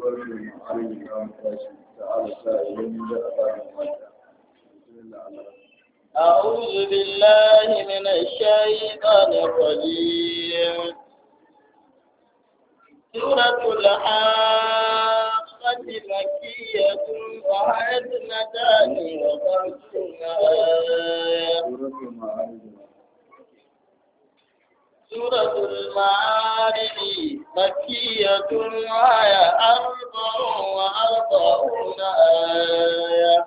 سورة المعارف كان تاشي تعالى سائل من أبان أعوذ بالله من الشيطان الرجيم سورة الحاقة مكية وعدنتان وخمسون آية سورة المعارف سورة المعارف مكية آية أربع وأربعون آية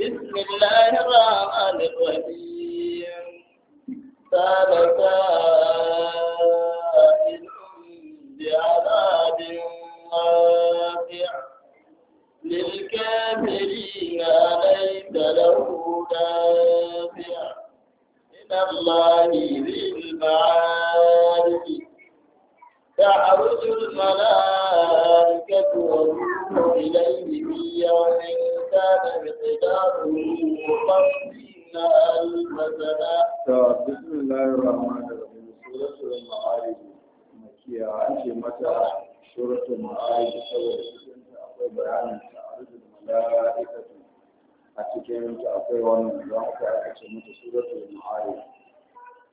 بسم الله الرحمن الرحيم سال سائل بعذاب واقع للكافرين ليس له دافع من الله ذي المعارف تعرج الملائكة والروح إليه في يوم كان مقداره خمسين ألف سنة طيب، بسم الله الرحمن الرحيم سورة المعارف مكية عن متى سورة المعارف طيب، سورة akwai bayanin ta'arujin mala'ikatu a cikin ta سورة wannan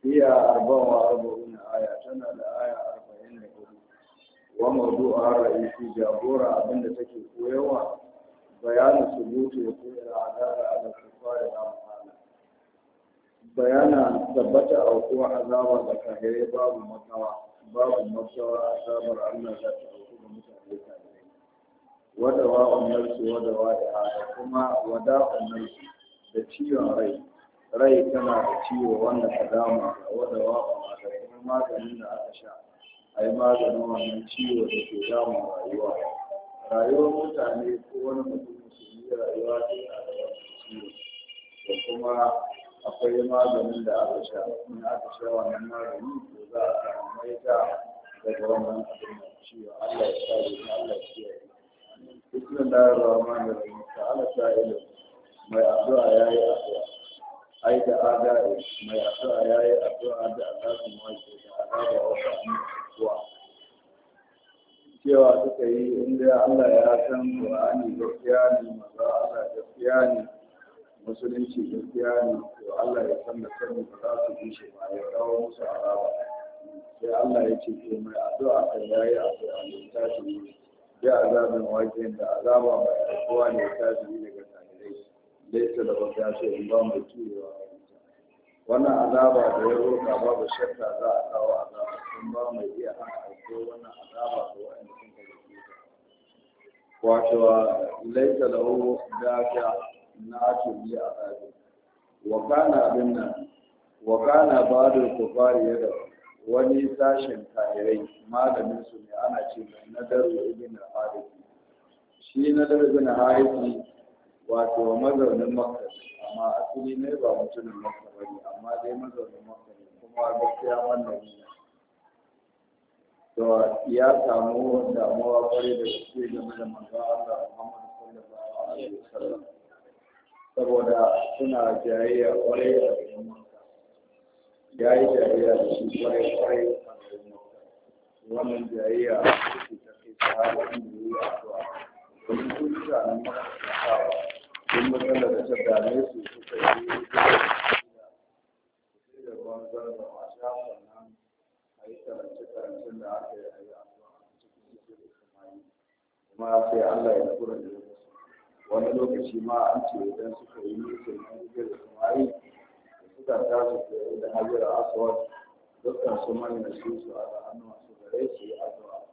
هي أربع وأربعون آية تنا لآية أربعين لكم وموضوع الرئيسي جابورا أبن تكي كويوة بيان ثبوت يكون العدالة على الكفار الأمثال بيان ثبت أو قوة عذاب ذكاهي باب مكوى باب مكوى عذاب الله ذات أوقوة متعلقة ودواء النفس ودواء الإعادة كما وداء النفس da ciwon rai rai tana da ciwo wanda ta dama da wadda wafa da kuma maganin da aka sha a yi maganin wannan ciwo da ke damun rayuwa rayuwar mutane ko wani mutum yi rayuwa ta yana da ciwo da kuma akwai maganin da aka sha in aka sha wannan magani to za a samu maita daga wannan abin da ciwo Allah ya sa da Allah ya kiyaye bismillahir rahmanir rahim ta'ala sa'ila mai addu'a yi addu'a ai da agaye mai addu'a ya yi addu'a da alhazin wake da alaba wata kuwa. cewa suka yi inda Allah ya san Qur'ani gaskiya ne maza Allah gaskiya ne musulunci gaskiya ne to Allah ya san da sani ba za su bi shi ba ya kawo musu alaba sai Allah ya ce to mai addu'a kan yayi addu'a ne ta shi ya azabin wajen da azaba mai addu'a ne ta shi daga laisa da wata ce in ba mai turewa wannan azaba da ya roƙa babu shakka za a kawo azaba in ba mai iya hana aiko wannan azaba ga waɗanda sun ka da ta wato laisa da wata na tuli a zabi wa kana abin nan wa kana da kufari yada wani sashen kayirai malamin su ne ana ce mai nadaru ibn al-hadith shi na nadaru ibn al-hadith wato mazaunin makka amma asali ne ba mutumin makka ba ne amma dai mazaunin makka ne kuma gaskiya wannan ne to ya samu damuwa kwarai da gaske game da manzo Allah Muhammad sallallahu alaihi wasallam saboda suna jayayya kwarai a cikin makka ya yi jayayya da shi kwarai kwarai wannan jayayya ta kai ta kai inda ya yi addu'a domin kuka nan makka sun matsala da ta dame su suka yi da ruwan zarra a sha sannan a yi karance-karancen da aka yi a yi a cikin cikin samari kuma sai allah ya kura da wani lokaci ma an ce idan suka yi nufin cikin samari da suka tashi tsaye da hajjira aswad dukkan su manyan su su a hannun su gare su yi addu'a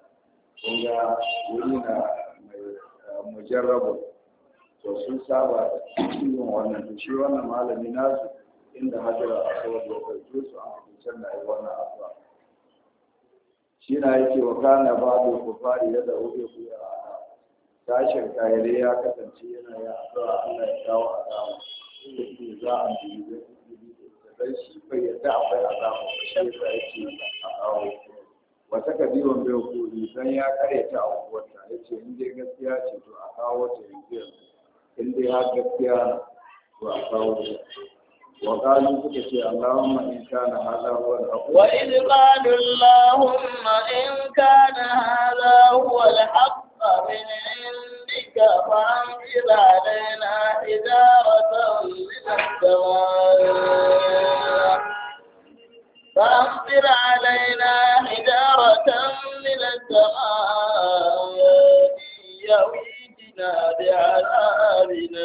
kun ga wuri na mai mujarrabu to sun saba cikin wannan to shi wannan malami nasu inda hajjara a kawar da karfe su an hukuncin na yi wannan abuwa shi na yake wa kana ba da kufari yadda uke kuya a tashin kayare ya kasance yana ya addu'a Allah ya kawo azaba ne za a biyu da dan shi bai yadda akwai azaba shi yasa yake a kawo wata kabiran bai hukuri dan ya kare ta a Ya ce in dai gaskiya ce to a kawo ta yanzu yanzu in dai har وقالوا كتشي اللهم إن كان هذا هو الحق وإذ قالوا اللهم إن كان هذا هو الحق من عندك فأنزل علينا حجارة من السماء فأمطر علينا حجارة من السماء يوم inna li arabina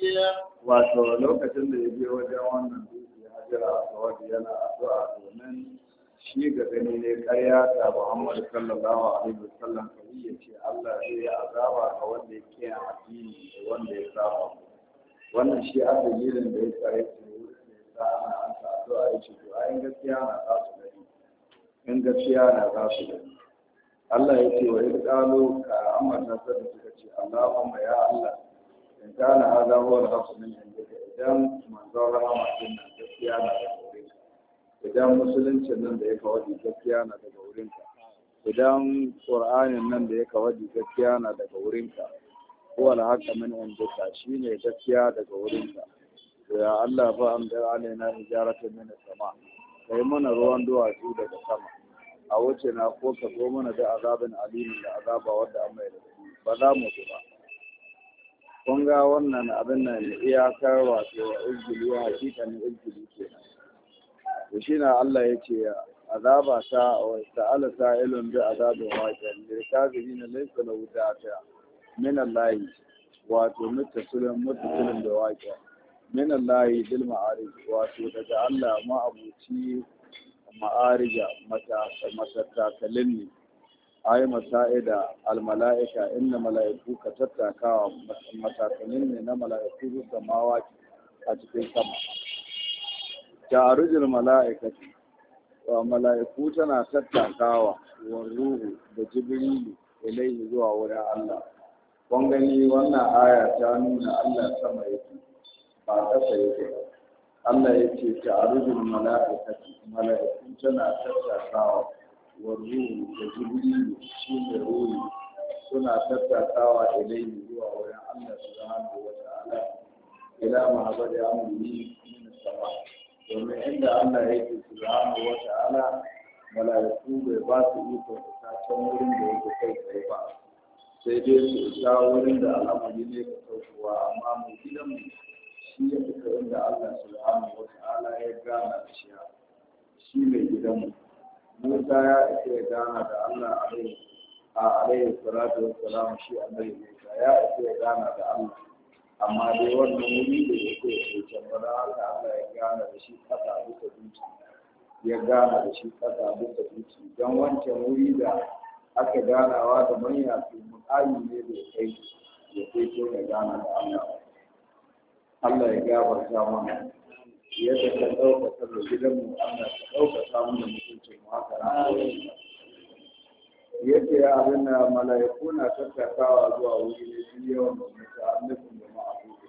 liya wato lokacin da ya je wajen wannan dutse ya jira a sawadi yana addu'a domin shi ga gani ne karya ta Muhammad sallallahu alaihi wasallam kai ya ce Allah zai yi azaba ga wanda ya kiyan addini da wanda ya saba wannan shi a dalilin da ya tsare da ya sa ana an ta addu'a ya ce to ayin gaskiya na za su gani in gaskiya na za su gani Allah ya ce wa ya ƙalo ka ambata ta da suka ce Allahumma ya Allah in kana hada da al ne min ka idan manzon rahama din nan gaskiya na daga wurinka idan musuluncin nan da ya kawadi gaskiya na daga wurinka idan qur'anin nan da ya kawadi gaskiya na daga wurinka huwa al-hasu min indika shine gaskiya daga wurinka ya Allah fa an da alaina hijaratan min sama kai mana ruwan duwatsu daga sama a wuce na ko ka zo mana da azabin alimin da azaba wadda an mai ba za mu ba kun ga wannan abin nan iyakar wato hakika hakikanin izgili ke to shi na Allah ya ce azaba ta wa ta'ala sa'ilun bi azabin waqi' lil kafirin laysa lahu dafi'a min Allah wato mutasilin mutasilin da waqi' min Allah bil wato daga Allah ma abuci ma'arija matatakalin ne ai masa'ida almala'ika inna mala'iku ka tattakawa matakalin ne na mala'iku da samawa a cikin sama Ta ta'arujul mala'ikati wa mala'iku tana tattakawa wa ruhu da jibrilu ilaihi zuwa wurin Allah kun gani wannan aya ta nuna Allah sama yake ba ƙasa yake ba Allah ya ce ta arujin mala'ikati mala'ikun tana tattakawa wa ruhu da jibrilu shi ne ruhu suna tattakawa yi zuwa wurin Allah subhanahu wa ta'ala ila ya amri min sama domin inda Allah zama da wata ala mala'iku bai ba su iko ta can wurin da yake kai tsaye ba sai dai su isa wurin da al'amari ne ka saukowa amma mu gidan mu shi ya fita inda Allah subhanahu wa ta'ala ya gana da shi shi mai gidanmu Musa ya isa ya gana da Allah alaihi a alaihi salatu wa salam shi a annabi Musa ya isa ya gana da Allah amma dai wannan wuri da ya can ba haka Allah ya gana da shi kasa bisa duki ya gana da shi kasa duka duki don wancan wuri da aka ganawa da manya su mutane ne da ya kai ya kai ya gana da Allah Allah ya gaba mana yadda ka ɗauka da gidanmu Allah ka samun da mutuncin mu haka yake ya abin da mala'iku na tattakawa zuwa wuri ne shi yawan mutunta annabin da ma'abudu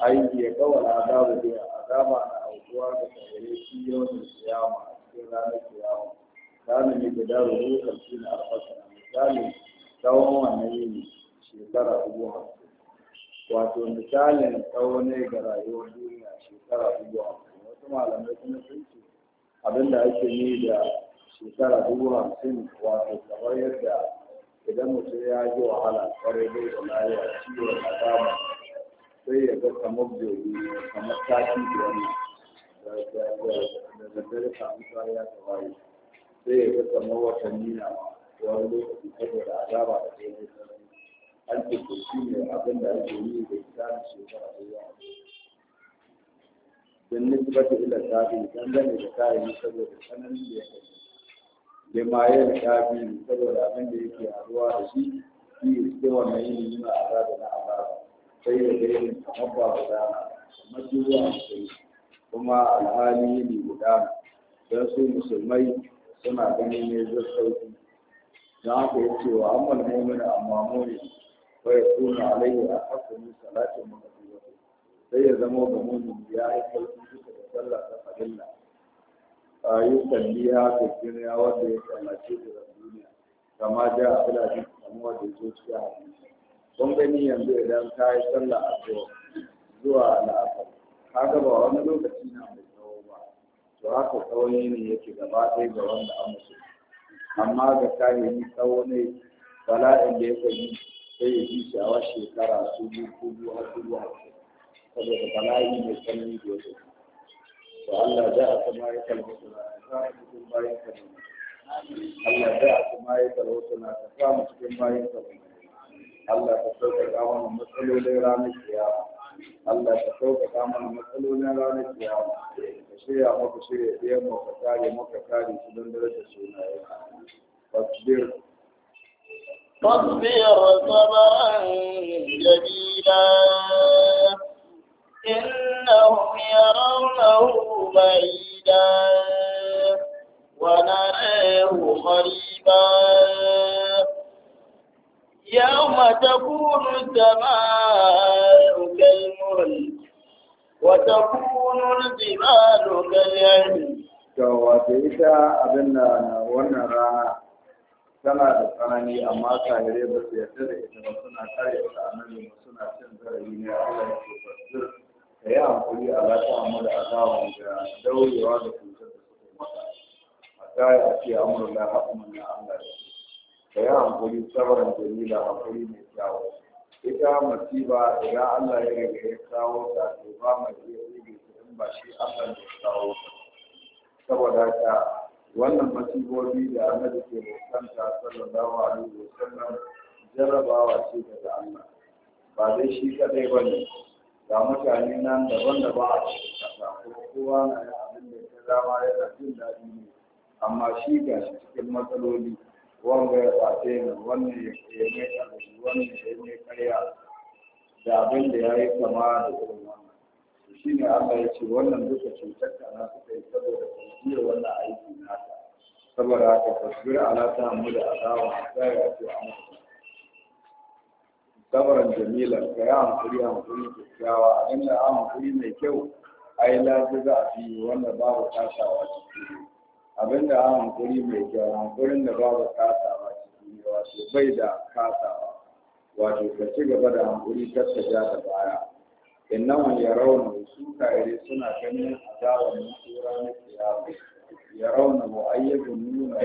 aiki ya kawal azabu da azaba na aukuwa da tsayere shi yawan kiyama a cikin ranar kiyama kana ne da daru rukar shi na alfasa misali tsawon wannan yini shekara dubu wato misalin tsawo ga rayuwar duniya shekara dubu hamsin wasu malamai kuma sun ce abinda ake yi da shekara dubu hamsin wato kamar yadda idan mutum ya ji wahala kwarai layuwa da lafiya ciwon azaba sai ya ga kamar jobi kamar taki da wani da daddare samu kariya ta waye sai ya ga kamar watanni na wani lokaci saboda azaba da zai ake ce shi ne abin da ake yi da tsarin shekara da yawa don nisbata ila don dangane da kayan saboda tsananin da ya kai da mayar tabi saboda abin da yake haruwa da shi shi ya ce wannan yi nuna a da na abara sai da ne a ba guda zuwa duwa sai kuma alhali ne guda don su musulmai suna ganin ne zai sauki don haka ya ce wa amma mu'mina amma mu'mina wa suna kuna alaihi a hakumin salatin makasirwa sai ya zama ga mumin ya yi duka da sallah da fadilla a yi ya ta wanda ya kallace da duniya kama ja a filafi kamar wanda ya zo cikin hadisi gani yanzu idan ka yi sallah a zuwa la'asar kaga ba wani lokaci na mai tsawo ba to haka tsawon ne yake gaba ɗaya ga wanda an musu amma ga kayan tsawo ne bala'in da ya kai sai ya ji shawar shekara su dubu biyu har dubu hamsin saboda bala'i mai tsanani da wasu to Allah da a sama ya kalmata na ta samu cikin bayan kalmata Allah da a sama ya kalmata na ta samu cikin bayan kalmata Allah ta sauka mana matsalolin ranar kiyama Allah ta sauka mana matsalolin ranar kiyama ka shirya maka shirya ɗayan maka kare maka kare su don darajar sunayen wasbir فاصبر صبرا جميلا إنهم يرونه بعيدا ونراه قريبا يوم تكون السماء كالمهل وتكون الجبال كالعلم. وتيسى أبنا wannan tana da tsanani amma kahirai ba su yarda da ita ba suna kare ta annabi suna cin zarafi ne Allah ya ce fasir ka yi hankuli a lafiya mu da azaban da daurewa da cutar da suke mata a tare a ce amurin da haƙumin na Allah ya ka yi hankuli sabarin jamila hankuli mai kyawu ita masiba idan Allah ya riga ya kawo ta to ba mai iya rige ta in ba shi Allah ya kawo ta saboda ta wannan masibobi da annabi ke mutanta sallallahu alaihi wasallam jarrabawa ce daga Allah ba dai shi kadai ba ne ga mutane nan daban-daban a cikin kasa kuma kowa na yi abin da ya dama yana jin daɗi ne amma shi ga shi cikin matsaloli wanga ya ɓace ni ya kai mai ƙarfi ya kai mai da abin da ya yi kama da irin wannan shi ne Allah ya ce wannan duka cutar da na suka yi saboda kusuriyar wannan aiki nasa saboda haka tasbir ala ta hamu da azawa ta a wato amurka sabaran jamila ka yi hankuri hankuri kyakkyawa a inda a hankuri mai kyau a yi lafi za a fi wanda babu kasawa ciki abinda a hankuri mai kyau hankurin da babu kasawa ciki wato bai da kasawa wato ka ci gaba da hankuri kasta ja da baya innahum yarawna su kare suna ganin azaban mutura na kiyama yarawna wa ayyadun nuna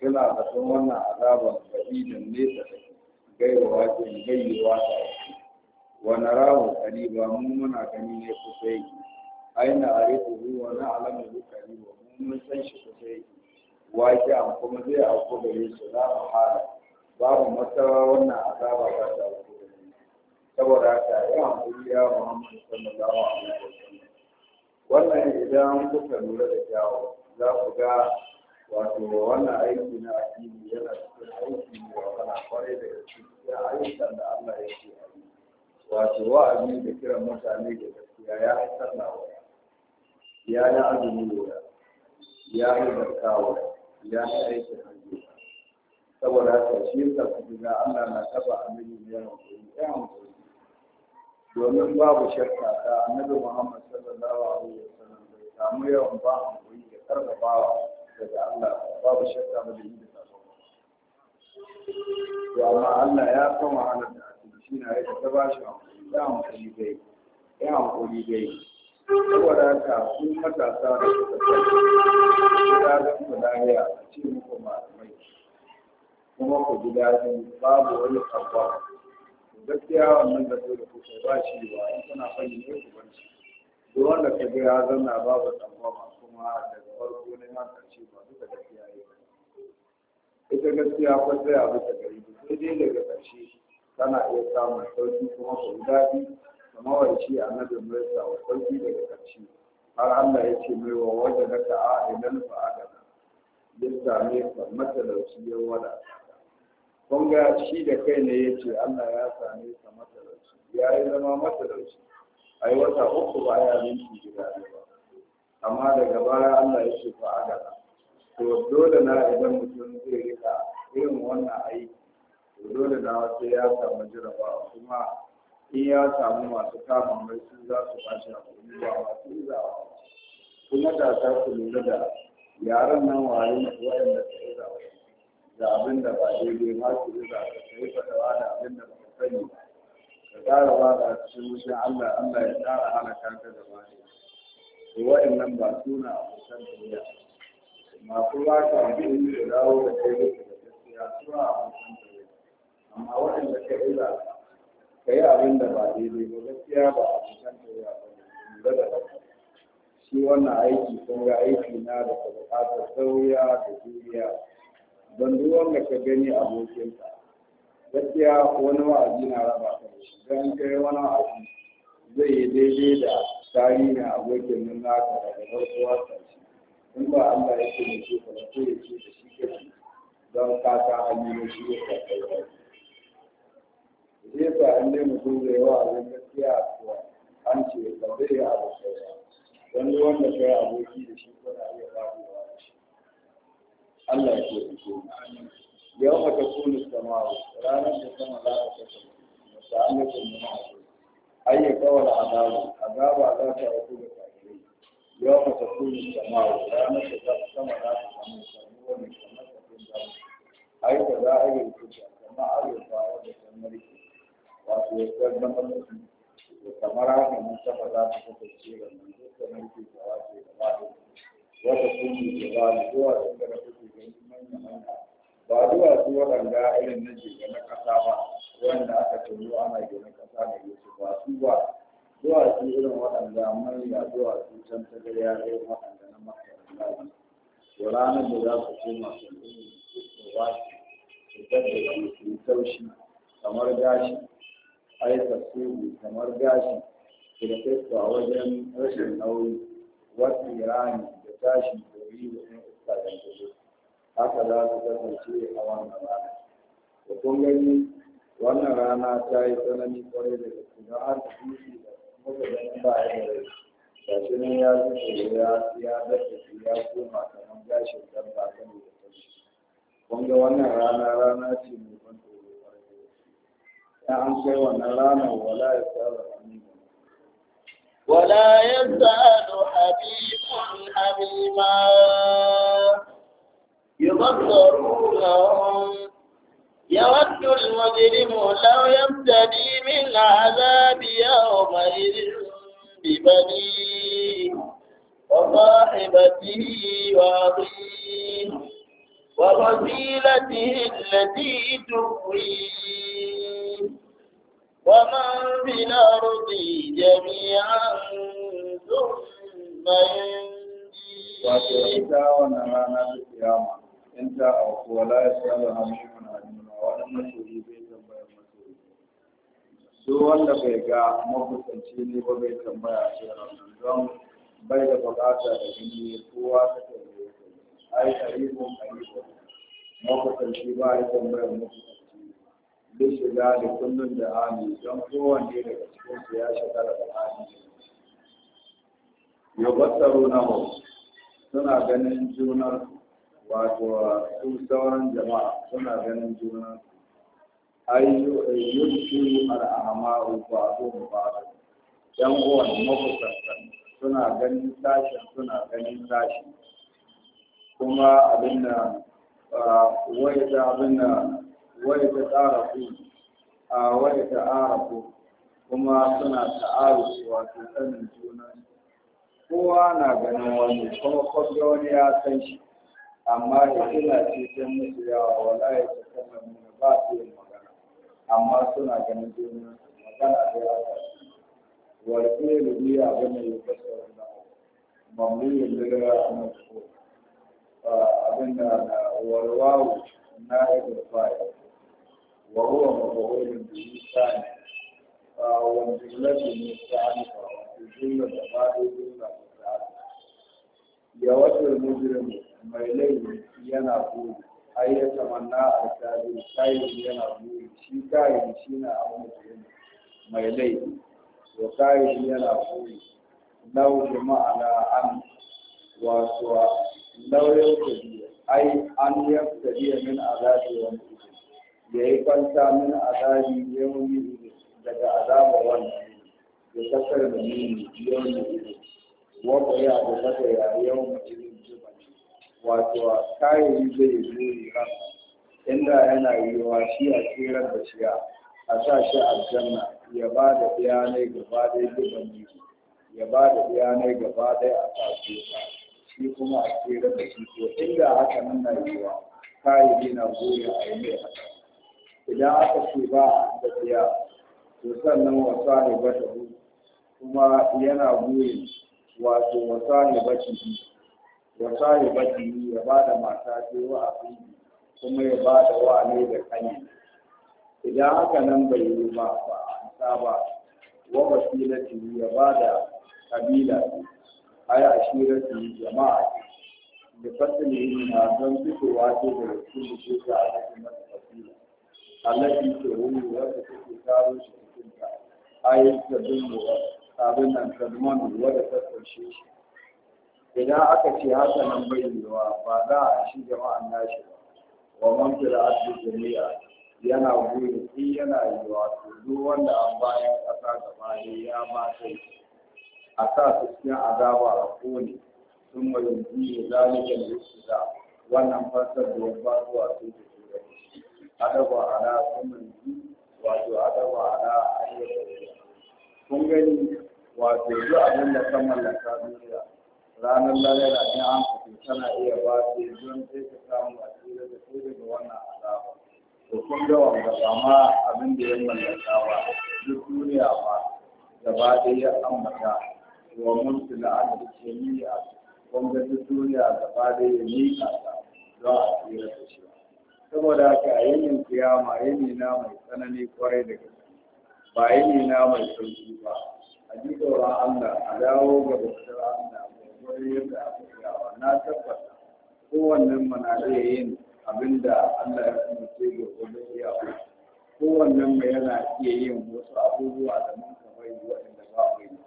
suna zaton wannan azaban ba'idan nesa gaiwa ce gaiwa ta wa narahu qariba mu muna gani ne kusa yake aina arifu wa na'lamu bi qariba mu mun san shi kusa yake waki an kuma zai auku gare su za mu hala babu masara wannan azaba ta saboda haka ya hankali ya muhammadu sallallahu alaihi wasallam wannan idan kuka lura da kyawu za ku ga wato wannan aiki na addini yana cikin aiki ne wa kwarai da cikin ayyukan da Allah ya ce a yi wato wa'azi da kiran mutane da gaskiya ya yi sallah ya yi azumi waya ya yi zakka ya yi aikin hajji saboda haka shi yasa kuka ga Allah na taba annabi ne ya hankali ya domin babu shakka ta annabi Muhammad sallallahu alaihi wasallam bai samu yawan ba hankali da karfafawa daga Allah babu shakka ba da yi da sabo to amma Allah ya san wahalar da ake shi na yadda ta bashi hankali ya hankali dai ya hankali dai saboda haka ku matasa da suka sani ya ga lahiya a cikin muku malamai kuma ku ji daɗi babu wani abuwa gaskiya wannan da dole ku kai ba shi ba in kuna son ne ku banci duk wanda ka ga ya zanna babu kuma daga farko ne ma ba duka gaskiya ne ita gaskiya ko sai a bisa gari sai dai daga karshe kana iya samun sauki kuma ku daɗi kamar wani annabi mai wa sauki daga karshe har Allah ya ce mai wa wajen da ka a idan fa'ada ne same ka matalauci ya wadata kun ga shi da kai ne ya ce Allah ya same ka matalauci ya yi zama matalauci a yi wata uku ba ya minti gida ba amma daga baya Allah ya ce fa adala to dole na idan mutum zai rika irin wannan aiki to dole na wasu ya samu jiraba kuma in ya samu masu kama mai su za su bashi a kuma ba masu izawa kuma da ta su lura da yaran nan wayan da ta izawa da abin da ba daidai ba su riga ka kai fadawa da abin da ba ka sani ka tsara ba da cikin wucin Allah Allah ya tara hana ka da bani to wa'annan ba suna abokan duniya masu ba ka amfani da dawo da kai da gaskiya suna abokan duniya amma waɗanda ka ila ka yi abin da ba daidai ba gaskiya ba abokan duniya ba ne da ba shi wannan aiki kun ga aiki na da buƙatar sauya da duniya? don duk wanda ka gani abokinka gaskiya wani wa'azi na raba ka don kai wani wa'azi zai yi daidai da tarihin abokin nan naka daga farko har in ba Allah ya ce mace ka ba sai ya ce da shi kake don ka ta hanyoyin shi ya karɓar wani zai sa in dai mutum zai yi wa'azin gaskiya a kuwa an ce ba zai yi abokai ba wani wanda kai aboki da shi kuna iya babu Allah ya ce ku yau ma ta kunu samawa ranar da sama za ta kasance musa'alatin mu'adu ayya kawal azabu azaba za ta yi da kafirai yau ma ta kunu samawa ranar da sama za ta samu samuwa ne kamar kafin zamu aika za a yi kuka kama arewa wadda ta mulki wato ya zama mutum kamar haka mun saba za ta kasance ga manzo kamar da wato da wato wata kuma da wato zuwa da ba zuwa su waɗanda irin na jirgin na ƙasa ba wanda aka tono ana gina ƙasa da yesu ba su ba Zuwa su irin waɗanda manya su can ta gari ya waɗanda na makaranta da ranar da za su koma su ɗin su ba su fitar da su su taushi kamar gashi ai tasiri kamar gashi su da kai a wajen rashin nauyi wasu irani da tashi da yi da 'yan iska da ta haka za su kasance a wannan rana da kun gani wannan rana ta yi tsanani kwarai da gaske don har da kishi da muka ganin ba ya da ga shi nan ya zuce ya ya dace shi ya koma kamar gashin kan ba kan da tashi kun ga wannan rana rana ce mai ban tsoro kwarai da gaske Ya an kai wannan rana wala ya tsara hannu ولا يزال Habibun Habiba. يبصرونهم يود المجرم لو يبتدي من عذاب يومئذ ببنيه وصاحبته وأخيه ووسيلته التي تقويه ومن في الأرض جميعا ثم ينجيه in ta auku wala ya saba hamimun halima wani masoyi bai tambaya masoyi so wanda bai ga makusanci ne ba bai tambaya ce ranar don bai da bukata da gini kowa ta tambaye ai mun karibun karibun makusanci ba ya tambaya makusanci duk shiga da kullum da hali don kowanne daga cikinsu ya shagala da hali yau batsaro na hau suna ganin junar wato su sauran jama'a suna ganin juna ayyuki al'ama'u ba zo ba yan uwan makusanta suna ganin sashen suna ganin sashi kuma abin da wai ta wai ta tsara ku a wai ta tsara ku kuma suna ta'aru wato sanin juna kowa na ganin wani kuma kwabda wani ya san shi amma da suna ce ta musu yawa wala ya ta kama nuna ba su yin magana amma suna ganin juna magana da ya ta warke da biya abin da ya fassara na mamuyin lura a mutu abin da na warwawo na ibn faya wa huwa mabawulin da ne sani wanda lafi ne ta ba wanda jumla da ba da jumla da sani ya wata mujirin mutu mai laifi yana buri ai ya tamanna a kafiri kafiri yana buri shi kafiri shi na amince mai laifi to kafiri yana buri lau bi ma'ana an wato lauyan kudi ai an yaftari min azabi wa ya yi kwanta min azabi yawmi daga azaba wannan ya kasar da mini yawmi wa ya da kasa ya yawmi wato kayayi zai zuri ran inda yana yiwa shi a tseren da shiya a sa shi janna ya ba da bayanai gaba ɗaya gidan yi ya ba da bayanai gaba ɗaya a tafiye sa shi kuma a tseren da shi ko inda haka nan na yiwa kayayi na zuri a yi mai haka idan aka ce ba a tsaya to sannan wasa ne ba ta kuma yana burin wato wasa ne ba ta wa yi ya ba da mata ce wa kuma ya ba da wa ne da kanyi idan haka nan bai yi ba ba amsa ba wa wasilati ya ba da kabila ai ashirati jama'a da fasali na don fitowa ce da cikin da ke a cikin masu fasila alaƙi ke wuri wanda take karo shi cikin ta ayyukan da sabon nan kadman wanda ta shi idan aka ce haka nan bai yiwa ba za a shi jama'an nashi ba wa man fil ardi jami'a yana goyi in yana yiwa to duk wanda an bayan ƙasa gaba ne ya ba sai a sa su cikin azaba a kone sun mai yi zalikan da wannan fasar da ya ba da su da turai adaba ala sun mai yi wato adaba da ayyuka kun gani wato duk abin da kan mallaka duniya ranar lalela in an kafe tana iya ba su yi don sai ka samu a tsira da ko daga wannan azaba to kun ga wanda kama abin da ya mallaka ba duk duniya ba da ba ɗaya ya ambata wa mulki da an da ke a kun ga duk duniya da ba ɗaya ya miƙa ta don a tsira da shi saboda haka a yanin kiyama yini na mai tsanani kwarai da gaske ba yini na mai sauki ba a ji tsoron Allah a dawo ga bautar Allah kamar yadda aka yawa na tabbata kowannen mana zai yin abin da Allah ya kumace ga wani yawa kowanne mai yana iya yin wasu abubuwa da mun kamar waɗanda ba mu yi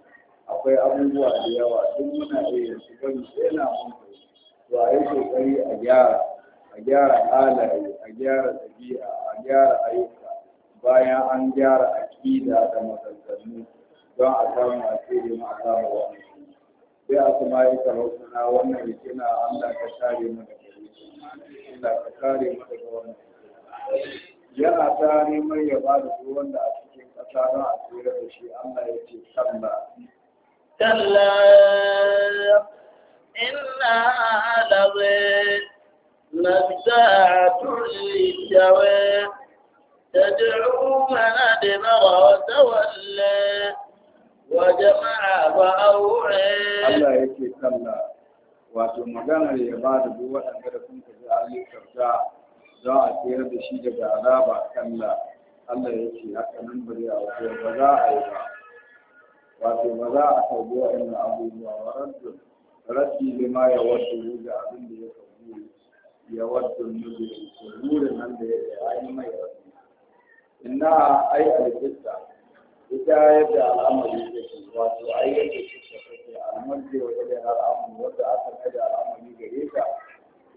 akwai abubuwa da yawa duk muna iya yin su bari sai yana mun kai to a yi kokari a gyara a gyara halaye a gyara ɗabi'a a gyara ayyuka bayan an gyara aƙida da maganganu don a samu a tsere ma a samu wani sai a kuma yi sarautuna wannan rikina Allah ka kare mu daga Allah ka kare mu daga wannan yana ta neman ya ba da wanda a cikin ƙasa don a tsira da shi Allah ya ce kalla kalla inna alazi نزاعة للشوى تدعو من أدبر وتولى وجمع فأوعى الله يكي كلا wato maganar ya ba da duk waɗanda da sun kaji ayyukarta za a tsayar da shi daga azaba kalla Allah ya ce haka nan ba zai auku ba za a yi ba wato ba za a karbi waɗannan abubuwa ba raddu raddi da ma ya wasu ga abin da ya karbi ya wasu nubi da nan da ya yi mai raddi inna ai alƙista ita yadda al'amari da ke wato ai yadda shi ta kake al'amari wata yadda al'amari wadda aka kai da al'amari gare ta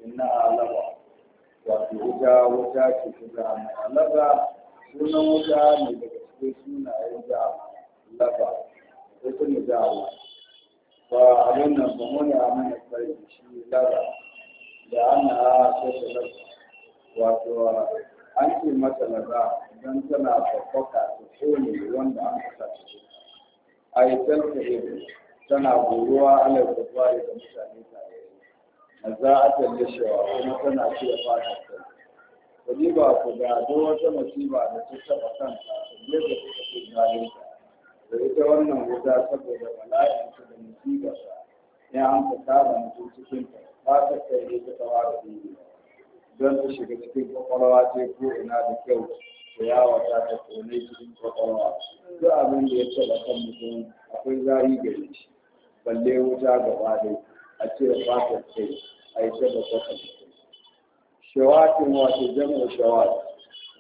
inna alaba wato ita wuta ce ta zama alaba sunan wuta ne daga cikin sunayen da laba ko kuma da ba abin nan ba mu ne a mana sai shi laba da ana ta wato an ce mata laba don tana babbaka ta kone wanda an kasa ta ce a yi tana goruwa ala gaba da mutane tare a za a talle shawa kuma tana ce fata ta ku ba ku ga ta wata ba da ta taɓa kanta ta da ta fi ta da ita wannan wuta saboda bala'inta da musibarsa ya an fita da mutum cikin ba ta kai ne ta tsawa da don ta shiga cikin kwakwalwa ce ko ina da kyau da ta ta kone cikin kwakwalwa duk abin da ya taɓa kan mutum akwai zari gare shi balle wuta gaba dai a cire fatar kai a yi taɓa kwakwalwa shawatin wato jami'a shawat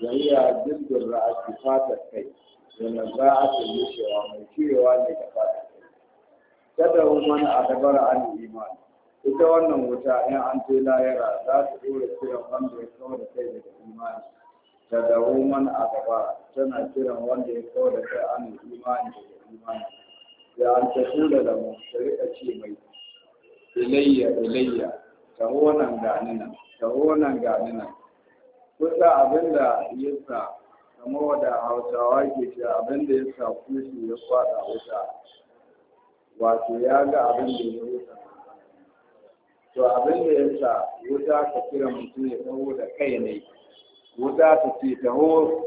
jami'a da ra'asi fatar kai wannan za a yi cewa mai cirewa ne da fatar kai kada wani a dabara an yi imani ita wannan wuta in an ce lahira za ta dora kiran wanda ya kawo da kai daga imani Daga dawo man a gaba tana kiran wanda ya kawo da kai an imani da imani ya an ta tura da mu ta rika ce mai ilayya ilayya ta wannan ga nan ta wannan ga nan kusa abin da ya sa kamar da hausawa ke ce abin da ya sa kushi ya kwada wuta wato ya ga abin da ya wuta to abin da ya sa wuta ka kira mutum ya kawo da kai ne wuta ta ce taho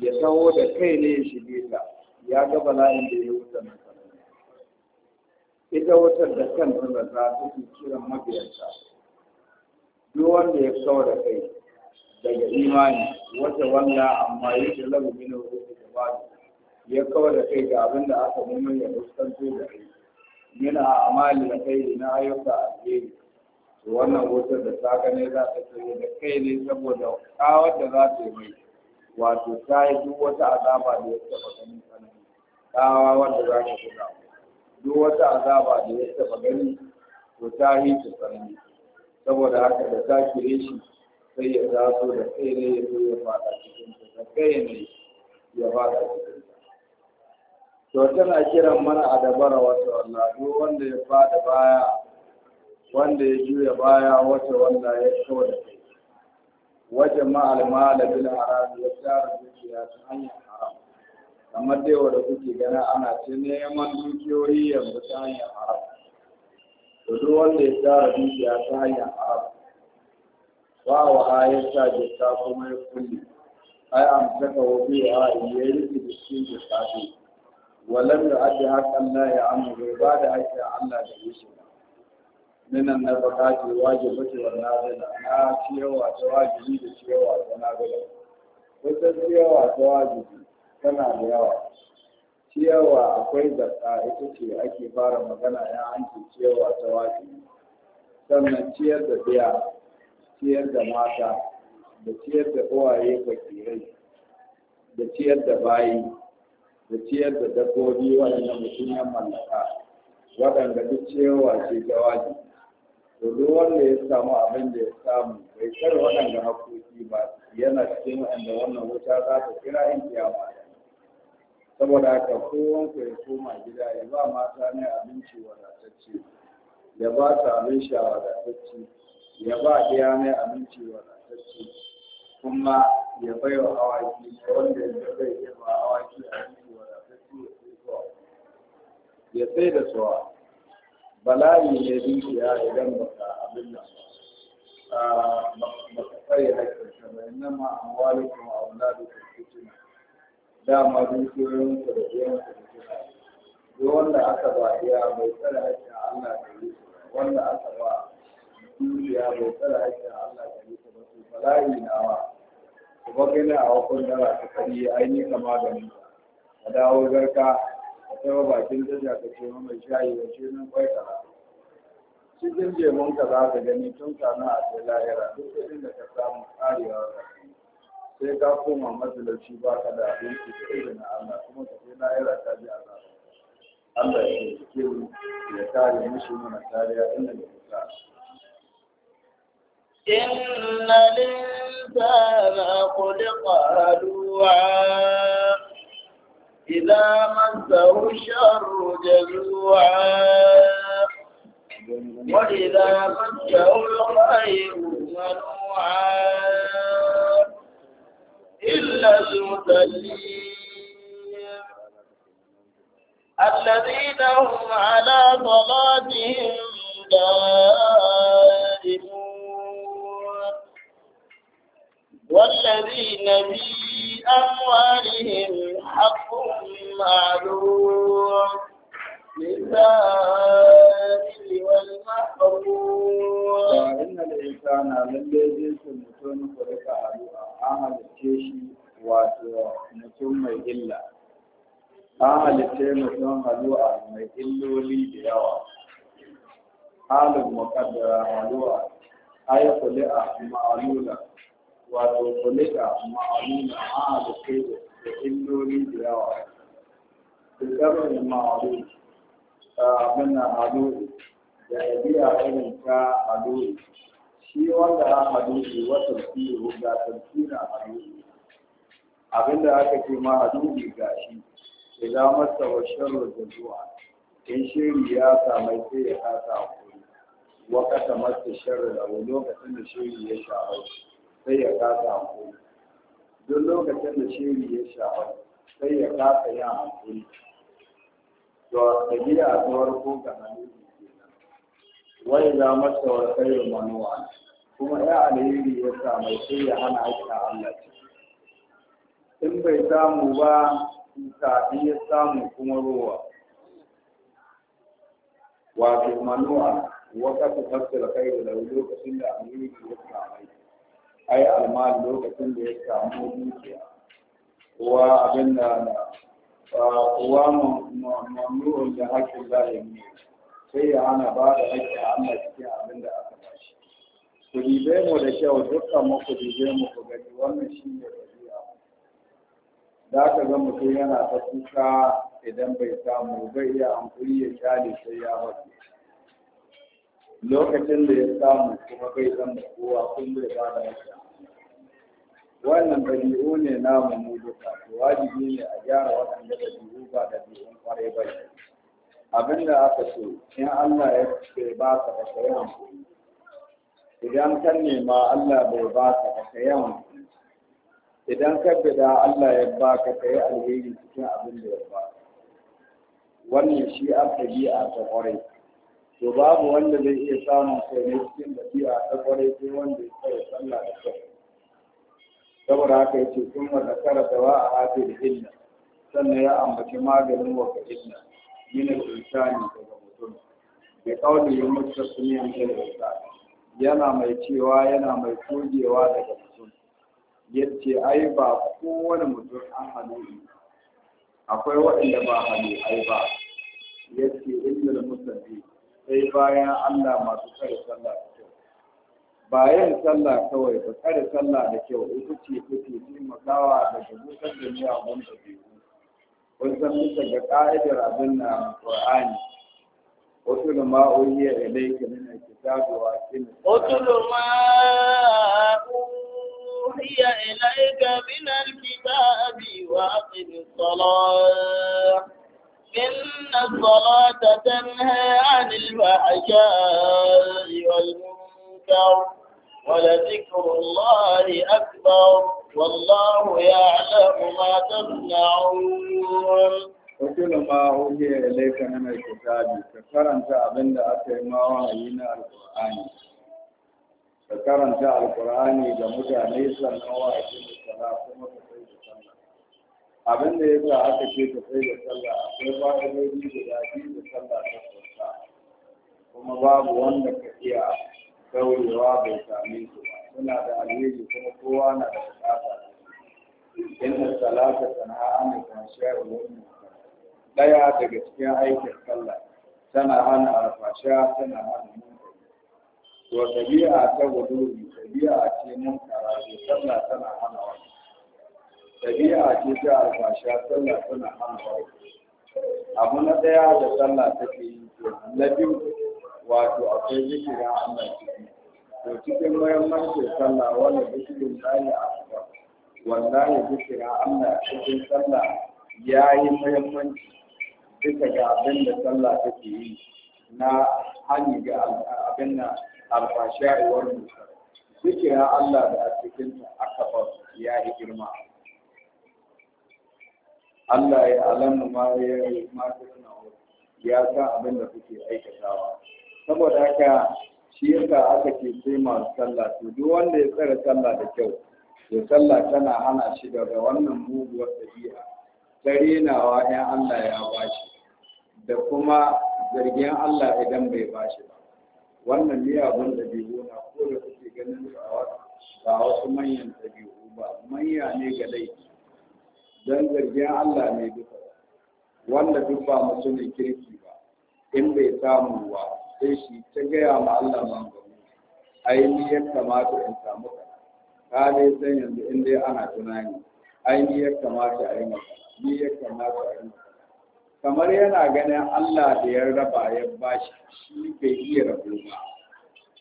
ya taho da kai ne ya shige ta ya ga bala'in da ya wuta na ita wutar da kanta da za su ke kiran mabiyarta duk wanda ya kawo da kai daga imani wata wanda amma yi da lagu mini wuta da ba ya kawo da kai ga abin da aka mummun ya fuskanto da kai yana amali da kai na ayyuka alheri wannan wutar da ta ne za ta tsaye da kai ne saboda kawar da za ta yi mai wato ta yi duk wata azaba da ya taba gani sanani. kawa wanda za ta buga duk wata azaba da ya taba gani to ta yi ta sanani saboda haka da ta kire shi sai ya su da kai ne ya zo ya faɗa cikin ta da kai ne ya fada cikin ta to tana kiran mana a dabara wata Allah duk wanda ya faɗa baya wanda ya juya baya wata wanda ya kawo da kai wajen da bin haram ya tsara dukiya ta hanyar haram kamar dai wanda kuke gana ana ce neman dukiyoyi yanzu ta hanyar haram to duk wanda ya tsara dukiya ta hanyar haram ba wa ya sa ta kuma ya kulle ai saka wa bi'a ya yi da cikin jikka walam na ya la bai ba da haƙƙin Allah da yake minan na waje mace wa nazila na ciyawa ta wajibi da ciyawa ta nazila wata ciyawa ta wajibi tana da yawa ciyawa akwai zakka ita ce ake fara magana ya hanci ciyawa ta wajibi sannan ciyar da biya ciyar da mata da ciyar da uwaye fakirai da ciyar da bayi da ciyar da dabbobi waɗanda mutum ya mallaka waɗanda duk ciyawa ce ta wajibi to duk wanda ya samu abin da ya samu bai kar waɗanda hakoki ba yana cikin waɗanda wannan wuta za ta kira in kiyama saboda haka kowanku ya koma gida ya ba mata ne abinci wadatacce ya ba ta abin sha wadatacce ya ba ɗaya ne abinci wadatacce kuma ya bai wa awaki wanda ya bai ya ba awaki abinci wadatacce ya sai da tsawa bala'i ne zuciya idan ka abin nan baka ah, tsaye haƙƙin ba yana ma a wa auladukum fitna dama da ku da iyan ku fitna wanda aka ba iya bai tsara haƙƙin Allah da yi wanda aka ba zuciya bai tsara haƙƙin Allah da yi ba su bala'i na wa kuma kai a wakon dara ta kari ainihin kama da ni a dawo garka a taiwa bakin tasha ka ce mai shayi da ce nan kwai kaza cikin jemun ka za ka gani tun kana a sai lahira duk kudin da ka samu karewa ka sai ka koma matsalarci ba ka da abin ki da irin Allah kuma ka sai lahira ka ji azaba Allah ya ke ya kare shi mana kariya inda da ka إن الإنسان خلق هلوعا إذا مسه الشر جزوعا وإذا مسه الخير منوعا إلا المسلمين الذين هم على صلاتهم دائمون والذين في في أموالهم حق معلوم للسائل والمحروم إن الإنسان للذي سمتون خلق عدوا أهل الكيش واتوا نتم إلا أهل الكيش عدوا من إلولي بيوا أهل المقدرة عدوا أي خلق معلولا wato kulika ma'aluna an kai da illoli da yawa da tsarin ma'alu a muna haluri da ɗabi'a irin ta haluri shi wanda an haluri wata fiye ga tafsirin haluri abinda aka ce ma haluri ga shi idan masa wa sharar da zuwa in shiri ya samai sai ya kasa a kuri wakata masa sharar da lokacin da shiri ya shahararci sai ya kasa hankali duk lokacin da shiri ya sha'awar sai ya kasa yin hankali to da gida a tsohuwar ko ga hannu wai za masa wa sayar manuwa kuma ya alheri ya sa mai sai ya hana aikin Allah in bai samu ba sa'i ya samu kuma ruwa wato manuwa wata kuma fassara kai da lokacin da alheri ya sa mai ai almal lokacin da ya samu dukiya kowa abin da kowa mamnu'un da haƙƙin yi sai ya hana ba da haƙƙin cikin abin da aka bashi ku dibe mu da kyau dukkan mu ku dibe mu ku gani wannan shi ne ɗabi'a za ka ga mutum yana ta kuka idan bai samu bai iya amfani ya kyale sai ya haɗu lokacin da ya samu kuma bai zan da kowa kun bai ba da wata wannan ɗabi'u ne na mu duka to wajibi ne a gyara waɗanda ɗabi'u ba da biyun kwarai ba ne abin da aka so in Allah ya ce ba ka da kayan idan kan nema Allah bai ba ka da kayan idan ka bida Allah ya ba ka kai alheri cikin abin da ya ba wannan shi a ɗabi'a ta kwarai to babu wanda zai iya samun kai ne cikin biya ta kwarai sai wanda ya tsaya sallah da kyau saboda haka ce sun wanda kara da wa a hadin illa sannan ya ambaci maganin wa illa min al-insani daga mutum yi qawli su ne yanke da insani yana mai cewa yana mai kogewa daga mutum ce ai ba kowane mutum an halu akwai waɗanda ba hannu ai ba yace inna sai bayan Allah masu kare sallah da kyau ba yin sallah kawai ba kare sallah da kyau ita ce take taimakawa daga dukkan duniya miyagun da biyu san bisa ga ƙa'idar abin na Qur'ani واتل ما أوحي إليك من الكتاب وأقم واتل ما أوحي إليك من الكتاب وأقم الصلاة إن الصلاة تنهى عن الفحشاء والمنكر ولذكر الله أكبر والله يعلم ما تصنعون وكل ما أوحي إليك من الكتاب كفرنت أبن أتي ما وحينا القرآن كفرنت القرآن إذا جمد أنيسا وحينا الصلاة abin da ya sa aka ce ta sai da sallah akwai fa'idodi da biyu da sallah ta sauka. kuma babu wanda ka iya kaurewa bai same su ba suna da alheri kuma kowa na da bukata da salata tana an kwanciya da wani ɗaya daga cikin aikin sallah tana hana alfasha tana hana munkari to tabi'a ta gudu tabi'a ce munkara karatu sallah tana hana wani ɗabi'a ce ta alfasha sallah tana hana abu na ɗaya da sallah ta ke yi na biyu wato akwai zikirin Allah ciki to cikin muhimmancin sallah wanda zikirin lahi a gaba wallahi zikirin Allah cikin sallah ya yi muhimmanci bisa ga abin da sallah take yi na hanyar ga abin da alfasha'iwar musa zikirin Allah da a cikin aka ya yi girma Allah ya alamu ma ya yi ya san abin da kuke aikatawa saboda haka shi yasa aka ke sai masu sallah to duk wanda ya tsara sallah da kyau to sallah tana hana shi daga wannan muguwar ɗabi'a na 'yan in Allah ya bashi da kuma zargin Allah idan bai bashi ba wannan miyagun ɗabi'u na ko da kuke ganin da wasu manyan ɗabi'u ba manya ne ga laifi don zargin Allah ne duka wanda duk ba mutumin kirki ba in bai samu ba sai shi ta gaya ma Allah man gamu ainihin ya kamata in samu ka ka dai san yanzu in dai ana tunani ainihin ya kamata a yi maka ni ya kamata a yi maka kamar yana ganin Allah da ya raba ya bashi shi bai iya rabu ba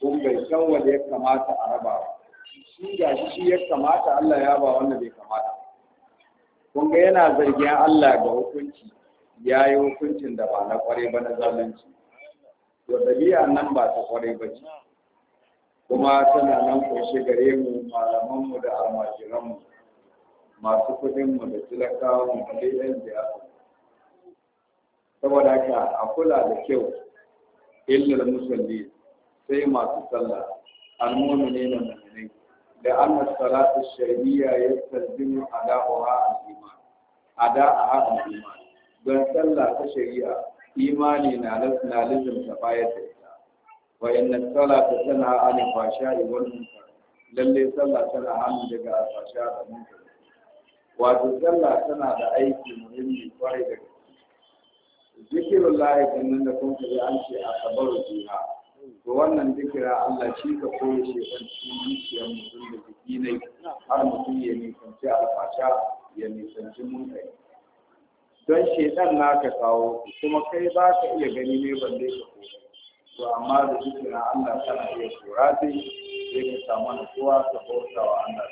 kun bai san wanda ya kamata a raba ba shi ga shi ya kamata Allah ya ba wanda bai kamata kun ga yana zargin Allah ga hukunci ya yi hukuncin da ba na kwarai ba na zalunci to ɗabi'a nan ba ta kwarai ba ce kuma tana nan kunshe gare mu malamanmu da almajiranmu masu kudinmu da mu da ɗayan siyasa saboda haka a kula da kyau illar musulmi sai masu sallah ne nan. Da لأن الصلاة الشهرية يستلزم أداؤها الإيمان أداءها Iman, don sallah ta shari'a imani na lazim ta bayar da ita wa inna salata tana an fasha wannan munkar lalle sallah tana hannu daga fasha da munkar wato sallah tana da aiki muhimmi kwarai da gaske zikirullah din nan da kun kaji an ce a sabaru jiha Da wannan dukira Allah shi ka koyi shekar cikin zuciyar mutum da jiki ne har mutum ya nisanci alfasha ya nisanci munkai don shi na ka kawo kuma kai ba ka iya gani ne ban dai ka koyi to amma da dukira Allah tana iya kora sai sai ka samu nutsuwa ka bauta wa Allah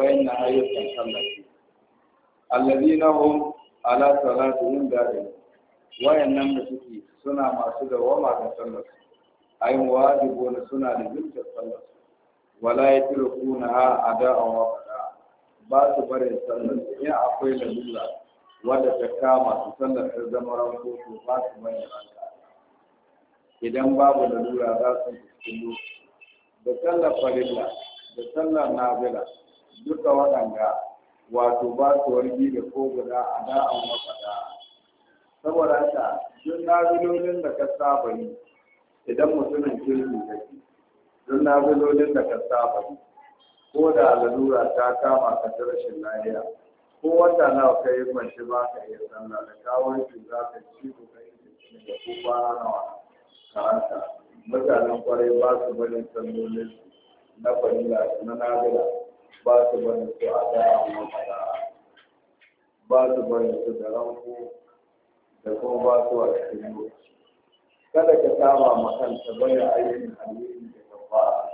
wayan na ayyukan sallah ce alladina hum ala salatihim da'imun nan da suke suna masu dawama wama sallar su ay wajibuna suna da zuciyar sallar wala ya yatrukuna ada'a a qada ba su barin sallar in akwai lalura wanda ta kama su sallar ta zama ranko su ba su mai ranka idan babu lura za su kullu da sallar farilla da sallar Nabila duka waɗanda wato ba su wargi da ko guda a da'an wa qada saboda haka duk nabilolin da ka saba yi idan mutumin kirki kake don na bilolin da ka saba ko da lalura ta kama ka ta rashin lafiya ko wata nawa ka yi mace ba ka iya sallah da kawon ki za ka ci ko ka yi cikin da ko kwana nawa karanta mutanen kwarai ba su bari sallolin na fahimta na nabila ba su bari su a da'an mafara ba su bari su da ranko da kuma ba su a cikin lokaci kada ka saba ma kanta baya aikin alheri da kafara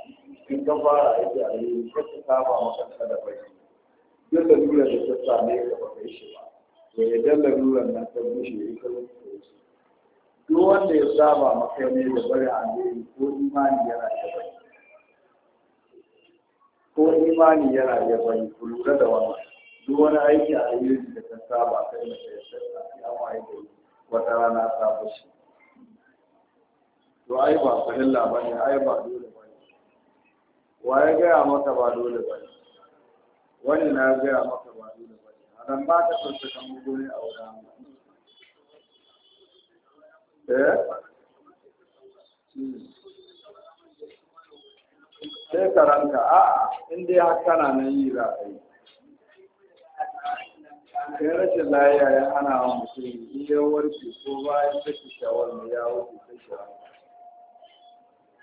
in kafara aiki alheri kada ka saba ma kanta da bai duk da lura da ta same ka ba kai shi ba to ya dalla lura nan ta bushe ya kawo ta wasu duk wanda ya saba ma kai ne da bari alheri ko imani yana da bai ko imani yana da bai ku lura da wannan duk wani aiki a alheri da ka saba kai ne da ya saba ya wa aiki wata rana ta bushe to ai ba farilla ba ne ai ba dole ba ne wa ya gaya maka ba dole ba ne wani na gaya maka ba dole ba ne haram ba ta sauka kan mugunin a wurin Allah eh sai karanta a in dai har kana nan yi za a yi sai rashin lafiya ya hana wa mutum yi yawar ko bayan sake shawar mai ya wuce sake shawar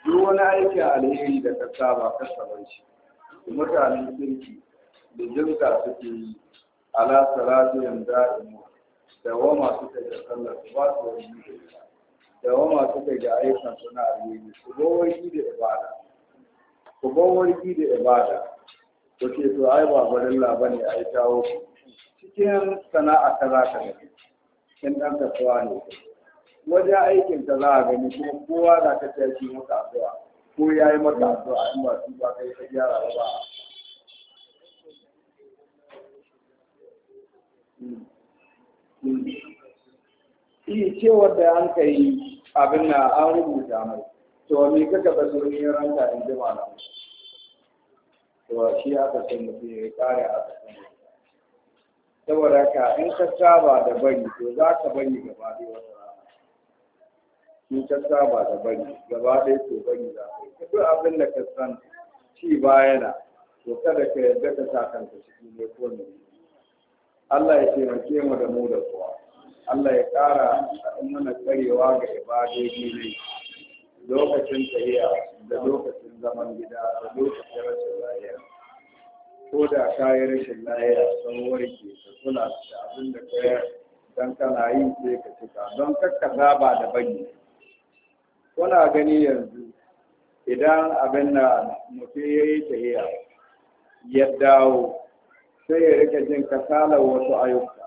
duk wani a alheri da ka saba ka saba shi mutanen kirki da jirga suke yi ala yan da'imu da wa masu kai ga sallar su ba su wani da ita da wa masu kai ga ayyukan su na alheri ku bawarki da ibada ku da ibada ku ce to ai ba barilla ba ne a yi kawo cikin sana'a ta za ka in ɗan kasuwa ne wajen aikin ka za a gani kuma kowa na ta tashi maka addu'a ko ya yi maka addu'a in ba su ba kai ta gyara ba hmm. hmm. Iya cewar da an ka yi abin na an rubuta mai, to me kaka ba sun yin ranta in na malam. To shi aka san mutum ya kare aka san mutum. Saboda ka in ka saba da bari to za ka bari gaba da wata in ka saba da bari gaba ɗaya to bari za ka yi duk abin da ka san ci ba to kada ka yarda ka sa kanka ciki ne ko ne Allah ya taimake mu da mu da kowa Allah ya ƙara mana tsarewa ga ibadoji ne lokacin tsayiya da lokacin zaman gida da lokacin rashin lafiya ko da ka yi rashin lafiya sun warke ka kula da abin da ka yi dan kana yin sai ka cika don kakka zaba da bari kuna gani yanzu idan abin da mutum ya yi tahiya ya dawo sai ya rika jin kasalar wasu ayyuka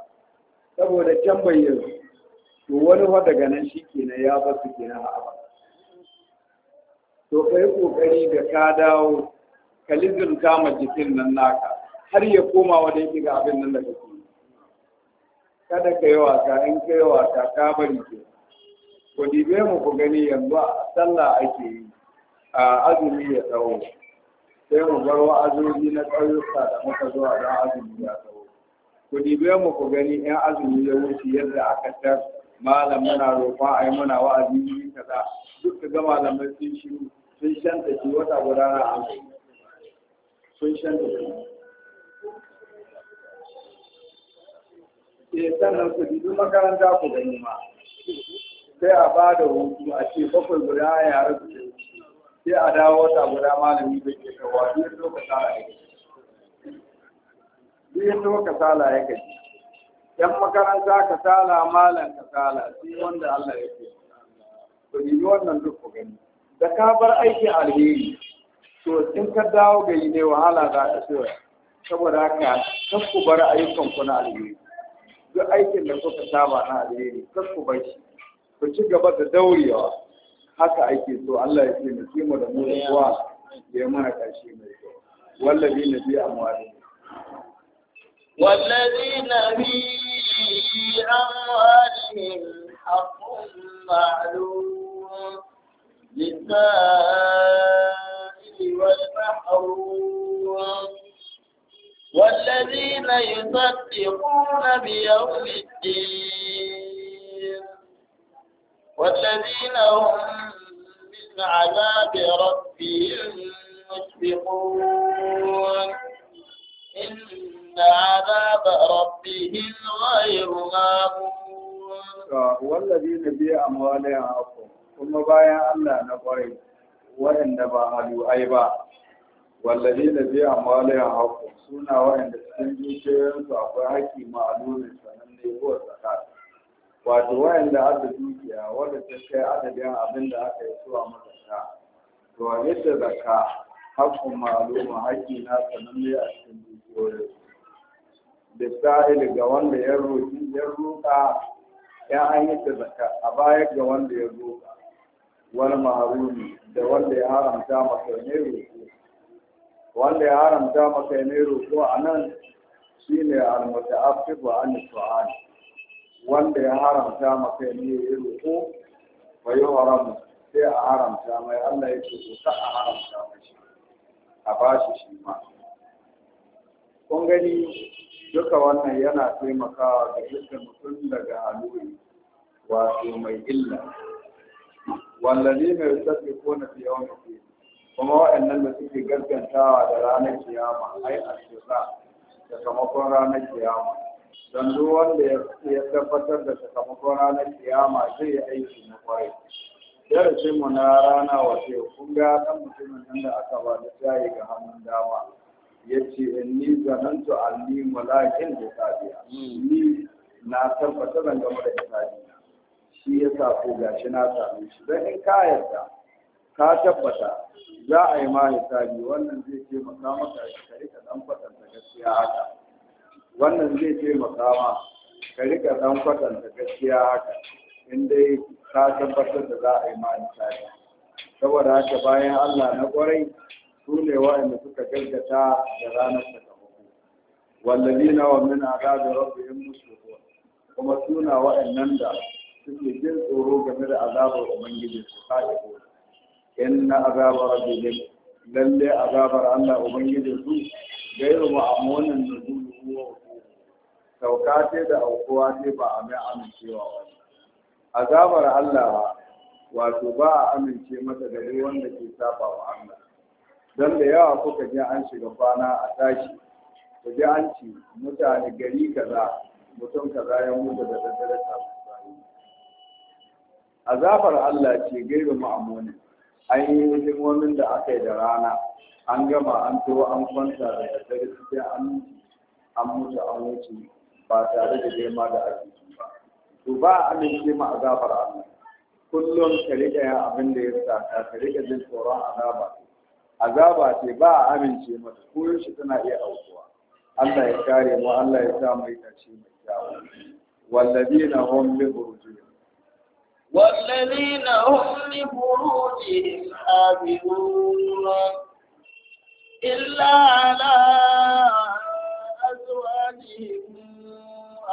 saboda can bai to wani wa daga nan shi kenan ya ba su kenan a to kai kokari da ka dawo ka lizinta ma jikin nan naka har ya koma wa dai ga abin nan da kake kada ka yi wasa in ka yi wasa ka bari kenan ku dibe mu ku gani yanzu a sallah ake yi a azumi ya tsawo sai mu bar wa'azoji na ƙauyuka da muka zo a ɗan azumi ya tsawo ku dibe mu ku gani yan azumi ya wuce yadda aka tar malam muna roƙon a yi muna wa'azi yi kaza duk gama da mafi shiru sun shanta shi wata guda na hankali sun shanta shi ke eh, sannan ku dibi makaranta ku gani ma sai a ba da hutu a ce bakwai guda ya da sai a dawo wata guda malami bai ke kawo duk zo ka sala ya gaji duk zo ka sala ya kaji yan makaranta ka sala malam ka sala sai wanda Allah ya ce to ni wannan duk ku gani da ka bar aiki alheri to in ka dawo gari ne wahala za ta so saboda haka kan ku bar ayyukan ku na alheri duk aikin da kuka saba na alheri kan ku bar shi ku ci gaba da daurewa haka ake so Allah ya ce mu ci mu da mu da ya mana kashi mai kyau wallabi na bi amwali والذين في أموالهم حق معلوم للسائل والمحروم والذين يصدقون بيوم الدين والذين هم من عذاب ربهم مشفقون إن عذاب ربهم غير مامون والذين في أموالهم حق kuma bayan Allah na ƙwarai waɗanda ba halu'ai ba wallahi da zai amalai a haku suna waɗanda cikin zuciyoyinsu akwai haƙƙi ma'alumin sananne ko wato wayanda aka dukiya wanda ta kai adadin abin da aka yi zuwa mazaka to yadda ka hakkun maluma haƙƙi na sananne a cikin dukiyoyin da sa'il ga wanda ya roƙi ya roƙa ya an yi zaka a baya ga wanda ya roƙa wani ma'alumi da wanda ya haramta maka ne roƙo wanda ya haramta maka ne roƙo a nan shine al-muta'affifu an su'ani wanda ya haramta maka ne ya yi roƙo ba yi haramu sai a haramta mai Allah ya ce kusa a haramta shi a ba shi shi ma kun gani duka wannan yana taimakawa da dukkan mutum daga halori wato mai illa wallani mai sabbi ko na fiye wani fiye kuma waɗannan da suke gaskantawa da ranar kiyama ai a shirra da kamakon ranar kiyama don duk wanda ya tabbatar da sakamakon ranar kiyama zai yi aiki na kwarai darasin mu na rana wace kun ga dan mutumin nan da aka ba da shayi ga hannun dama Ya ce yace inni zanantu anni mulakin da tabiya hmm. ni na tabbatar da gama da na. shi ya sa ko gashi na sami shi dan in ka yarda ka tabbata za a yi ma hisabi wannan zai ce maka maka ka rika dan kwatanta gaskiya haka wannan zai taimaka makama ka rika dan kwatanta gaskiya haka in dai ka tabbatar da za a yi ma misali saboda haka bayan Allah na kwarai su ne waɗanda suka gaggata da ranar sakamako na wa min azabi rabbihim mushrikun kuma suna waɗannan da suke jin tsoro game da azabar ubangiji su kai ko in na azabar rabbihim lalle azabar Allah ubangiji su gairu ma'amunan nuzulu wa sauka ce da aukuwa ce ba a mai amincewa wani azabar Allah wato ba a amince mata da duk wanda ke saba wa Allah don da yawa kuka ji an shiga kwana a tashi ku ji an ci mutane gari kaza mutum kaza ya mutu da daddare samun azabar Allah ce gairu ma'amuni an yi hidimomin da aka yi da rana an gama an to an kwanta da daddare sai an an mutu an wuce ba tare da nema da arziki ba to ba a amince ma azabar Allah kullum ka riƙe abin da ya sa ka riƙe jin tsoron azaba azaba ce ba a amince mata ko shi tana iya aukuwa Allah ya kare mu Allah ya sa mu yi ƙarshe mai kyawu wallazina hum li furujihim hum bi لفروجهم حافظون إلا على أزواجهم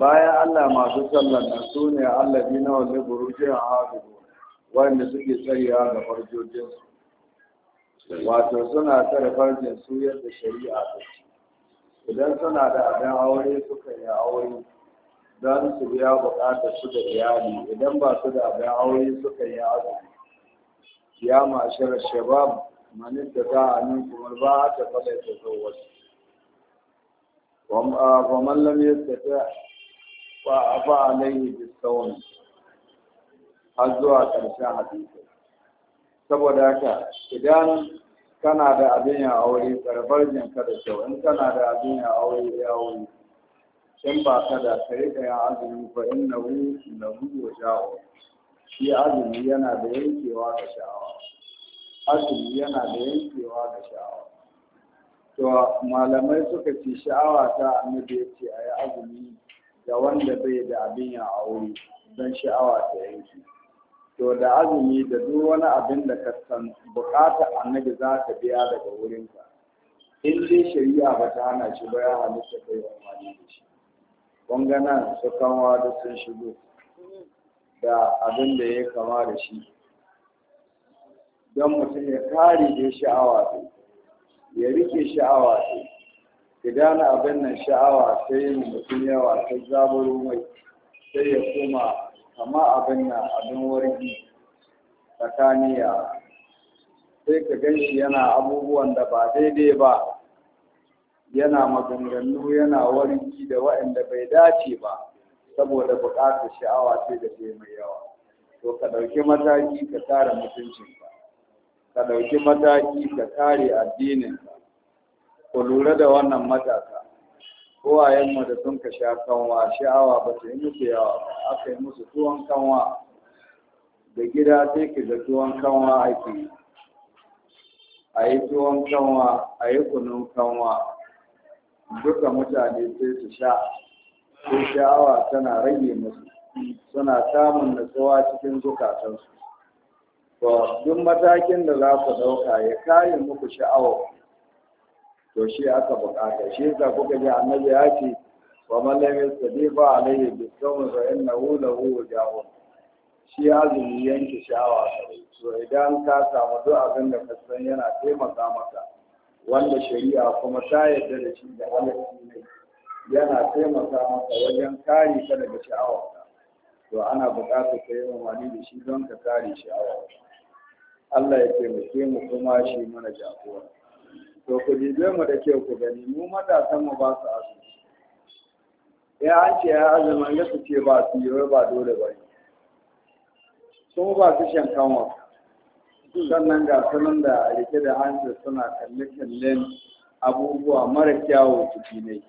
bayan Allah masu sallan da su ne Allah bi na wani burujin a hafizu wanda suke da ga su. wato suna tsare farjin su yadda shari'a ta ce idan suna da abin aure suka yi aure don su biya bukatar su da iyali idan ba su da abin aure suka yi aure. ya mashar shabab manin da ta amin kuma ba ta fada ta zo wasu ومن لم يستطع ba a ba alaihi bisawun har zuwa ƙarshen hadisi saboda haka idan kana da abin ya aure karbar jinka da kyau in kana da abin ya aure ya aure in ba ka da ka rika yin azumi na inna na lahu wa sha'u shi azumi yana da yankewa da sha'awa azumi yana da yankewa da sha'awa to malamai suka ce sha'awa ta annabi ya ce ayi azumi Da wanda zai da abin ya aure don sha'awa ta yanki to da azumi da duk wani abin da ka san bukata annabi za ka biya daga wurinka in dai shari'a ba ta hana shi ba ya halitta kai amfani da shi kun su kanwa da sun shigo da abin da ya kama da shi don mutum ya kare da sha'awa ya rike sha'awa ta idan abin nan sha'awa sai yin mutum yawa ta zaburo mai sai ya koma kama abin nan abin wargi tsakaniya sai ka gan shi yana abubuwan da ba daidai ba yana maganganu yana wargi da waɗanda bai dace ba saboda buƙatar sha'awa sai da sai mai yawa to ka ɗauki mataki ka tara mutuncinka ka ɗauki mataki ka kare addininka ku lura da wannan matasa yamma da sun ka sha kanwa sha'awa ba ta yi musu yawa ba aka yi musu tuwon kanwa da gida sai ki ga tuwon kanwa ake yi a yi tuwon kanwa a yi kunun kanwa duka mutane sai su sha ko sha'awa tana rage musu suna samun natsuwa cikin zukatansu to duk matakin da za ku ɗauka ya kare muku sha'awa to shi aka bukata shi yasa kuka ji annabi ya ce wa man lam yastadifa alayhi bi sawm fa innahu lahu wajahun shi azumi yanke sha'awa to idan ka samu duk abin da ka san yana taimaka maka wanda shari'a kuma ta yarda da shi da halaccin ne yana taimaka maka wajen kare ka daga sha'awa to ana buƙatar ka yi amfani da shi don ka kare sha'awa Allah ya taimake mu kuma shi mana jagora to ku jibe mu da ke ku gani mu matasan mu ba su azumi ya an ce ya azumin ya su ce ba su yiwu ba dole ba sun ba su shan kanwa sannan ga sunan da rike da hanci suna kalli kallon abubuwa mara kyawu ciki ne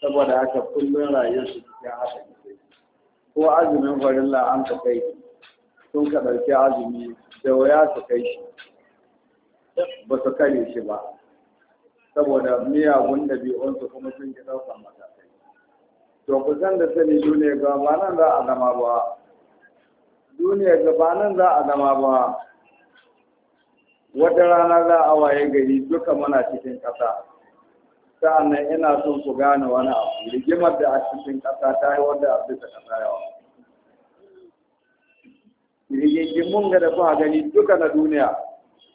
saboda haka kullum rayuwar su cikin haka ko azumin farin la'an ka kai sun ka azumi da waya su kai shi ba su kare shi ba saboda miyagun ɗabi'unsu kuma sun ki ɗaukar matakai to ku san da sani duniya ga nan za a zama ba duniya ga nan za a zama ba wata rana za a waye gari duka muna cikin ƙasa sa'annan ina son ku gane wani abu rigimar da a cikin ƙasa ta yi wanda a bisa ƙasa yawa rigingimun ga da kuka gani duka na duniya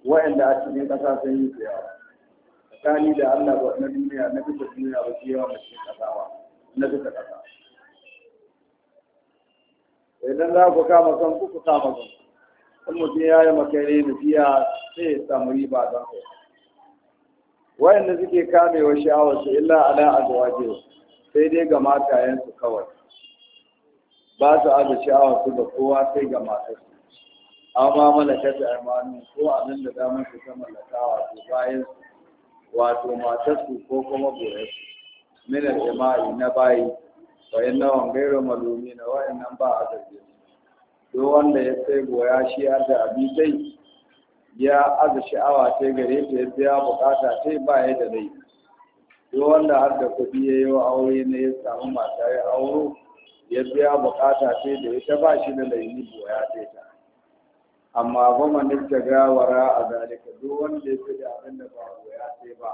wa'anda a cikin ƙasa sun yi yawa tsakani da Allah ba na duniya na duka duniya ba shi yawan da ke kasawa na duka kasa idan za ku kama son ku ku kama kan in mutum ya yi makare da biya sai ya samu riba don kai wayanda suke kamewa sha'awarsu illa ala azwajihi sai dai ga matayensu kawai ba su aza sha'awar su da kowa sai ga matarsu amma mana ta ta imanu ko abin da damar su ta mallakawa su bayan su wato matarsu ko kuma boyarsu minar jama'i na bayi bayan nawan gairar malumi na nan ba a zarge su duk wanda ya sai goya shi har da abisai ya aza sha'awa ta gare ta ya bukata ta ba ya da rai duk wanda har da kuɗi ya yi wa aure na ya samu mata ya auro ya bukata ta da ita ba shi da laini goya ta amma ba manin ta gawara a zalika duk wanda ya fi da abin da ba ya sai ba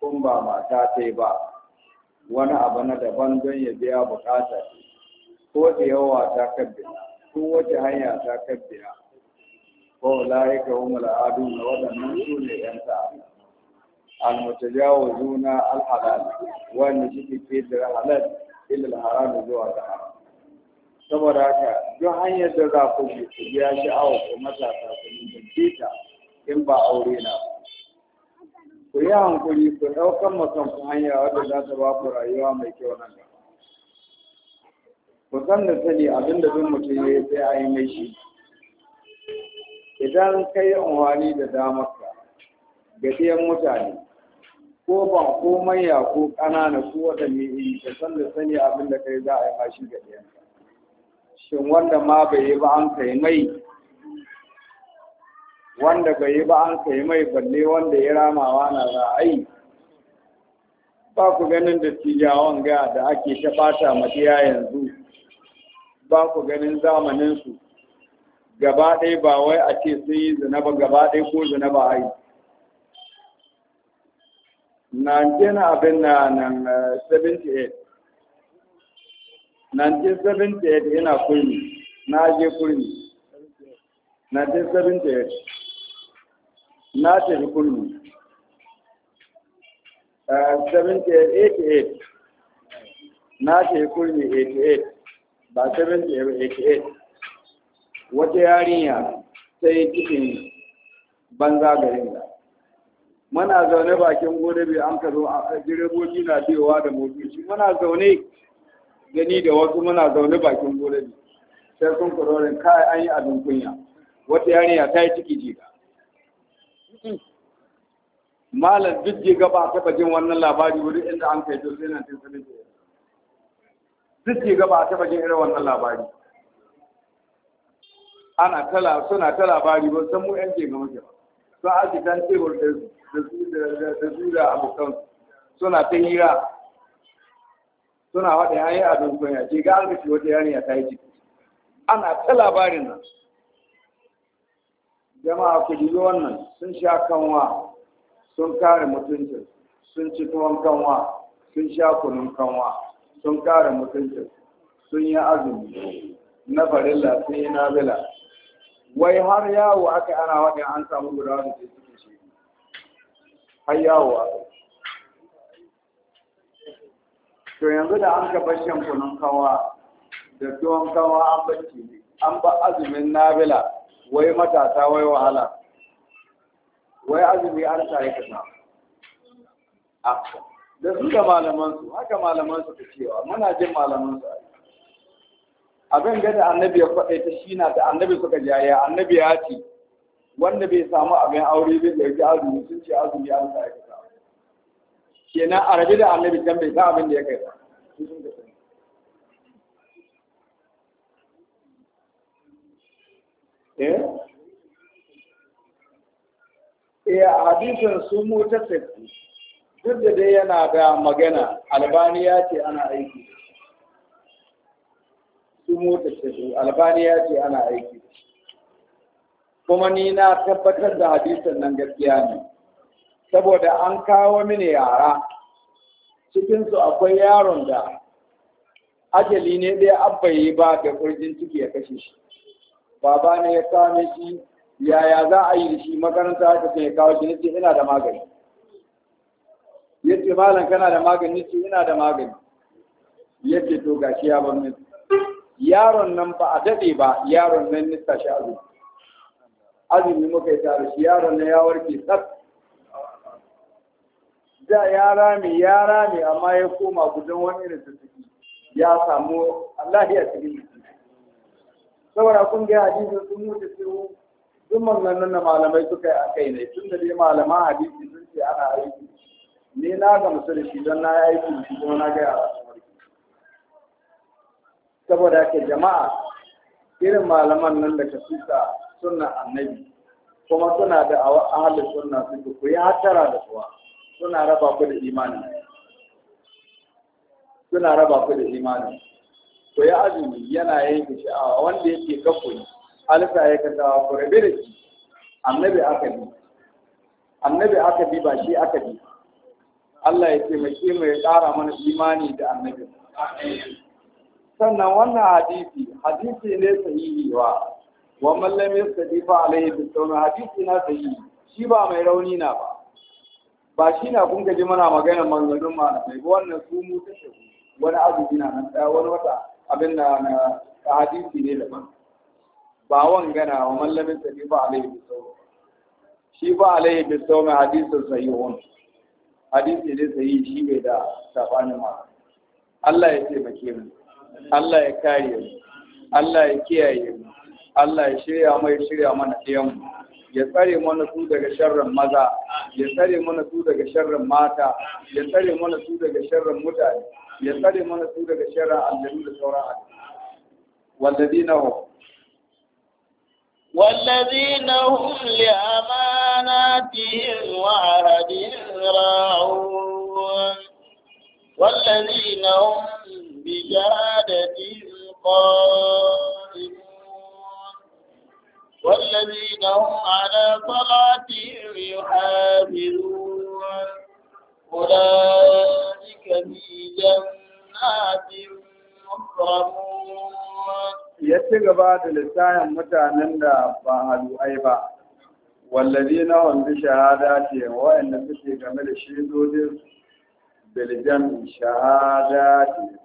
kun ba mata sai ba wani abu na daban don ya biya bukata ce ko da yawa ta kabbiya ko wace hanya ta kabbiya ko la'ika hum al'adu na waɗannan su ne yan ta'ala al-mutajawizuna al-halal wani shi ke da halal ila al zuwa ta haram saboda haka duk hanyar da za ku yi ku biya awa ko matasa ku nuna ta in ba aure na ku yi hankuri ku ɗaukan makan ku hanya wadda za ta ba ku rayuwa mai kyau nan gaba ku san da sani abin da duk mutum ya yi sai a yi mai shi idan ka yi unwani da damarka ga ɗiyan mutane ko ban ko manya ko ƙanana ko waɗanne iri ka san da sani abin da kai za a yi mashi ga ɗiyanka shin wanda ma bai yi ba an kai mai wanda bai yi ba an kai mai balle wanda ya ramawa na za a yi? ba ku ganin da tijawan ga da ake ta bata matiya yanzu ba ku ganin zamaninsu gaba ɗaya ba wai a ce sun yi zina ba gaba ɗaya ko zina ba a yi na jina abin na nan 78 eh, 1978 yana kurmi na je kurmi na tafi kurmi eh, tafi kurmi 88 ba wata yarinya sai cikin banza garin da mana zaune bakin gobe an ka zo a direbobi na biyowa da motoci mana zaune gani da wasu muna zaune bakin gole ne sai sun kurorin kai an yi abin kunya wata yarinya ta yi ciki jiga malam duk jiga ba taɓa jin wannan labari wuri inda an kai dole na tun sanin duk jiga ba taɓa jin irin wannan labari ana tala suna ta labari ba san mu yanke ga muke ba sun aji dan tebur da su da abokan suna ta hira suna faɗi an yi abin kunya ce ga an rufe wata yarinya ta yi ciki ana ta labarin nan jama'a ku dubi wannan sun sha kanwa sun kare mutuncin sun ci tuwon kanwa sun sha kunun kanwa sun kare mutuncin sun yi azumi na farilla sun yi nabila wai har yawo aka ana waɗin an samu guda da ke suke shi har yawo aka to yanzu da an gaba shan kunun kawa da tuwon kawa an bacci an ba azumin nabila wai matasa wai wahala wai azumi an sa ya kasa da su da malamansu haka malamansu ta cewa muna jin malamansu a abin gada annabi ya faɗa ta shi na da annabi suka jaya annabi ya ce wanda bai samu abin aure bai ɗauki azumi sun ce azumi an sa ya kasa kenan a rabe da annabi can bai sa abin da ya kai ba eh? eh a hadisin su mutasafi duk da dai yana da magana albaniya ce ana aiki su mutasafi albani albaniya ce ana aiki kuma ni na tabbatar da hadisin nan gaskiya ne saboda an kawo mini yara cikinsu akwai yaron da ajali ne dai abba yi ba da kurjin ciki ya kashe shi baba ne ya kame shi yaya za a yi da shi makaranta ta ce ya kawo shi nace ina da magani yace malam kana da magani nace ina da magani yace to gashi ya bar min yaron nan ba a dade ba yaron nan nista shi azumi azumi muka yi tare shi yaron nan ya warke tsaf da ya rami ya rami amma ya koma gudan wani irin tattaki ya samu Allah ya tsiri saboda kun ga hadisi sun mutu su duk maganganun da malamai suka yi akai ne tun da dai malaman hadisi sun ce ana aiki ni na ga da don na yi aiki shi na gaya a saboda ke jama'a irin malaman nan da ka suka sunna annabi kuma suna da ahalin sunna suke ku yi hatara da kuwa. suna raba ku da imani suna raba ku da imani to ya azumi yana yanke sha'awa wanda yake kafuri alisa ya kasawa ku da shi annabi aka bi annabi aka bi ba shi aka bi Allah ya mai mu ya ƙara mana imani da annabi sannan wannan hadisi hadisi ne sahihi wa wa man lam alaihi fa hadisi na sahihi shi ba mai rauni na ba ba shi na kun gaji mana magana manzannin malamai a wannan su mu ta shagu wani azumi na nan ɗaya wani wata abin da na hadisi ne da ban. ba gana wa mallamin sa ne ba alaihi bisau shi ba alaihi bisau mai hadisin wani hadisi ne yi shi bai da tafani ma Allah ya taimake mu Allah ya kare mu Allah ya kiyaye mu Allah ya shirya mai shirya mana ɗiyanmu. mu ya tsare mana su daga sharrin maza ya tsare mana su daga sharrin mata ya tsare mana su daga sharrin mutane ya tsare mana su daga sharrin aljanu da sauran aljanu walladina hum والذين هم لأماناتهم وعهدهم راعون والذين هم بجهادتهم قائمون والذين هم على صلاتهم يحافظون أولئك في جنات مكرمون ya ci gaba da lissafin mutanen da ba halu'ai ba wallazi na wanda shahada ce wa'anda suke game da shidodin biljan shahada ce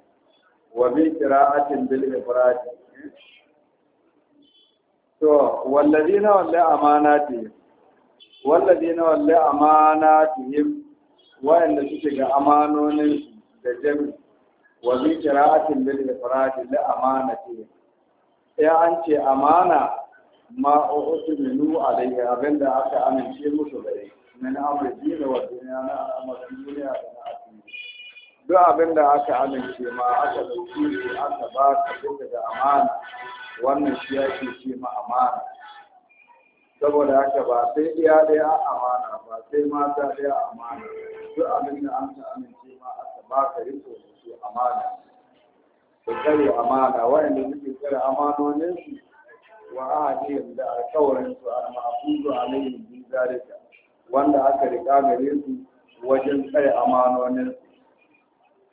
wa bi kira'atin bil ifradi to wallazina amana ti wallazina walle amanatihim wa'anda suke ga amanonin da jami wa bi qira'atin lil ifrad la amanatihim ya an ce amana ma u'minu alayhi abinda aka amince musu gare min amri dini wa dunya na amarin duniya da na addini duk abinda aka amince ma aka dauki aka ba ka da amana wannan shi ya ke ce ma amana saboda haka ba sai iya ɗaya amana ba sai mata ɗaya amana duk abin da an ta amince ma aka ba ka yi da su amana da kare amana waɗanda suke tsare amanoninsu wa ce da alkawarin su a mafuzu alayhi bi zalika wanda aka riƙa gare su wajen kare amanoninsu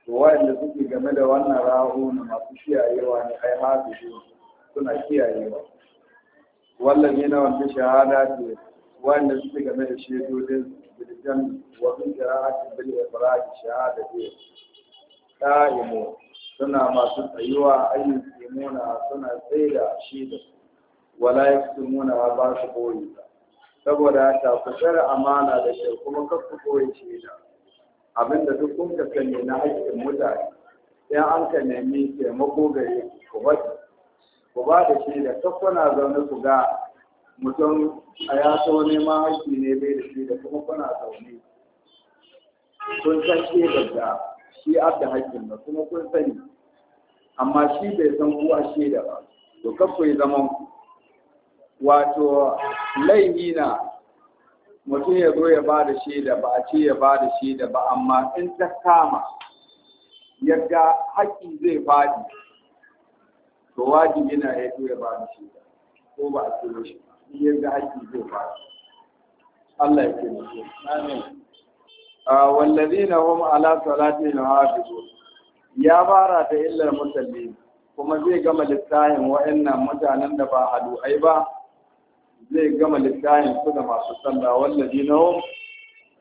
to waɗanda suke game da wannan rahu na masu kiyayewa ne ai haɗu suna kiyayewa wallan yana wanda shahada ce wanda suke game da shaidodin biljan wa bin ibrahim shahada ce qa'imu suna masu tsayuwa ayyukan simona suna tsaida shi da wala yaktumuna ba su koyi saboda ta ku amana da shi kuma kar ku koyi shi da abinda duk kun ka sani na haƙƙin mutane sai an ka nemi taimako gare ku ku bari ku ba da shi da kuna zaune ku ga mutum a ya so neman haƙƙi ne bai da shi da kuma kuna zaune kun san shaidar da shi abda haƙƙin da kuma kun sani amma shi bai san kuwa da ba to kakwai zaman wato laifi na mutum ya zo ya ba da shi da ba a ce ya ba da shi da ba amma in ta kama yadda haƙƙi zai faɗi to wajibi na ya tura ba da shi ko ba a tura shi in yadda haƙƙi zai ba Allah ya taimake amin wallazina hum ala salatihim hafizun ya fara da illar musalli. kuma zai gama littafin wa'annan mutanen da ba a hadu'ai ba zai gama littafin su da masu sallah wallazina hum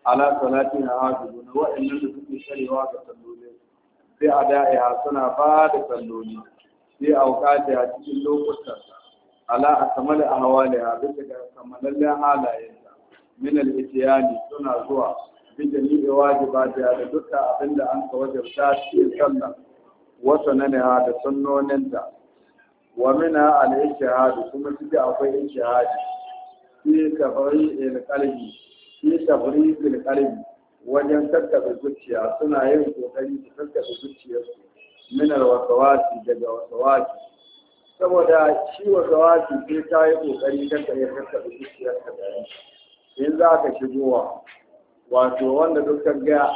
ala salatihim hafizun wa'annan da suke sharewa ga sallolin sai a da'iha suna ba da salloli fi auqati a cikin lokutan ala akmal ahwaliha bisa ga kamalallen halayenta min al-itiyani suna zuwa bi jami'i wajibati da duka abinda an ka wajabta cikin sallah wa sananaha da sunnoninta wa mina al-ijtihad kuma cikin akwai ijtihad fi tafri'il qalbi fi qalbi wajen tattaɓa zuciya suna yin kokari su tattaɓa zuciyarsu minar wasawasi daga wasawasi saboda shi wasawasi sai ta yi kokari ta kai kakkaɓe zuciyar ka da in za ka shigowa wato wanda duk ga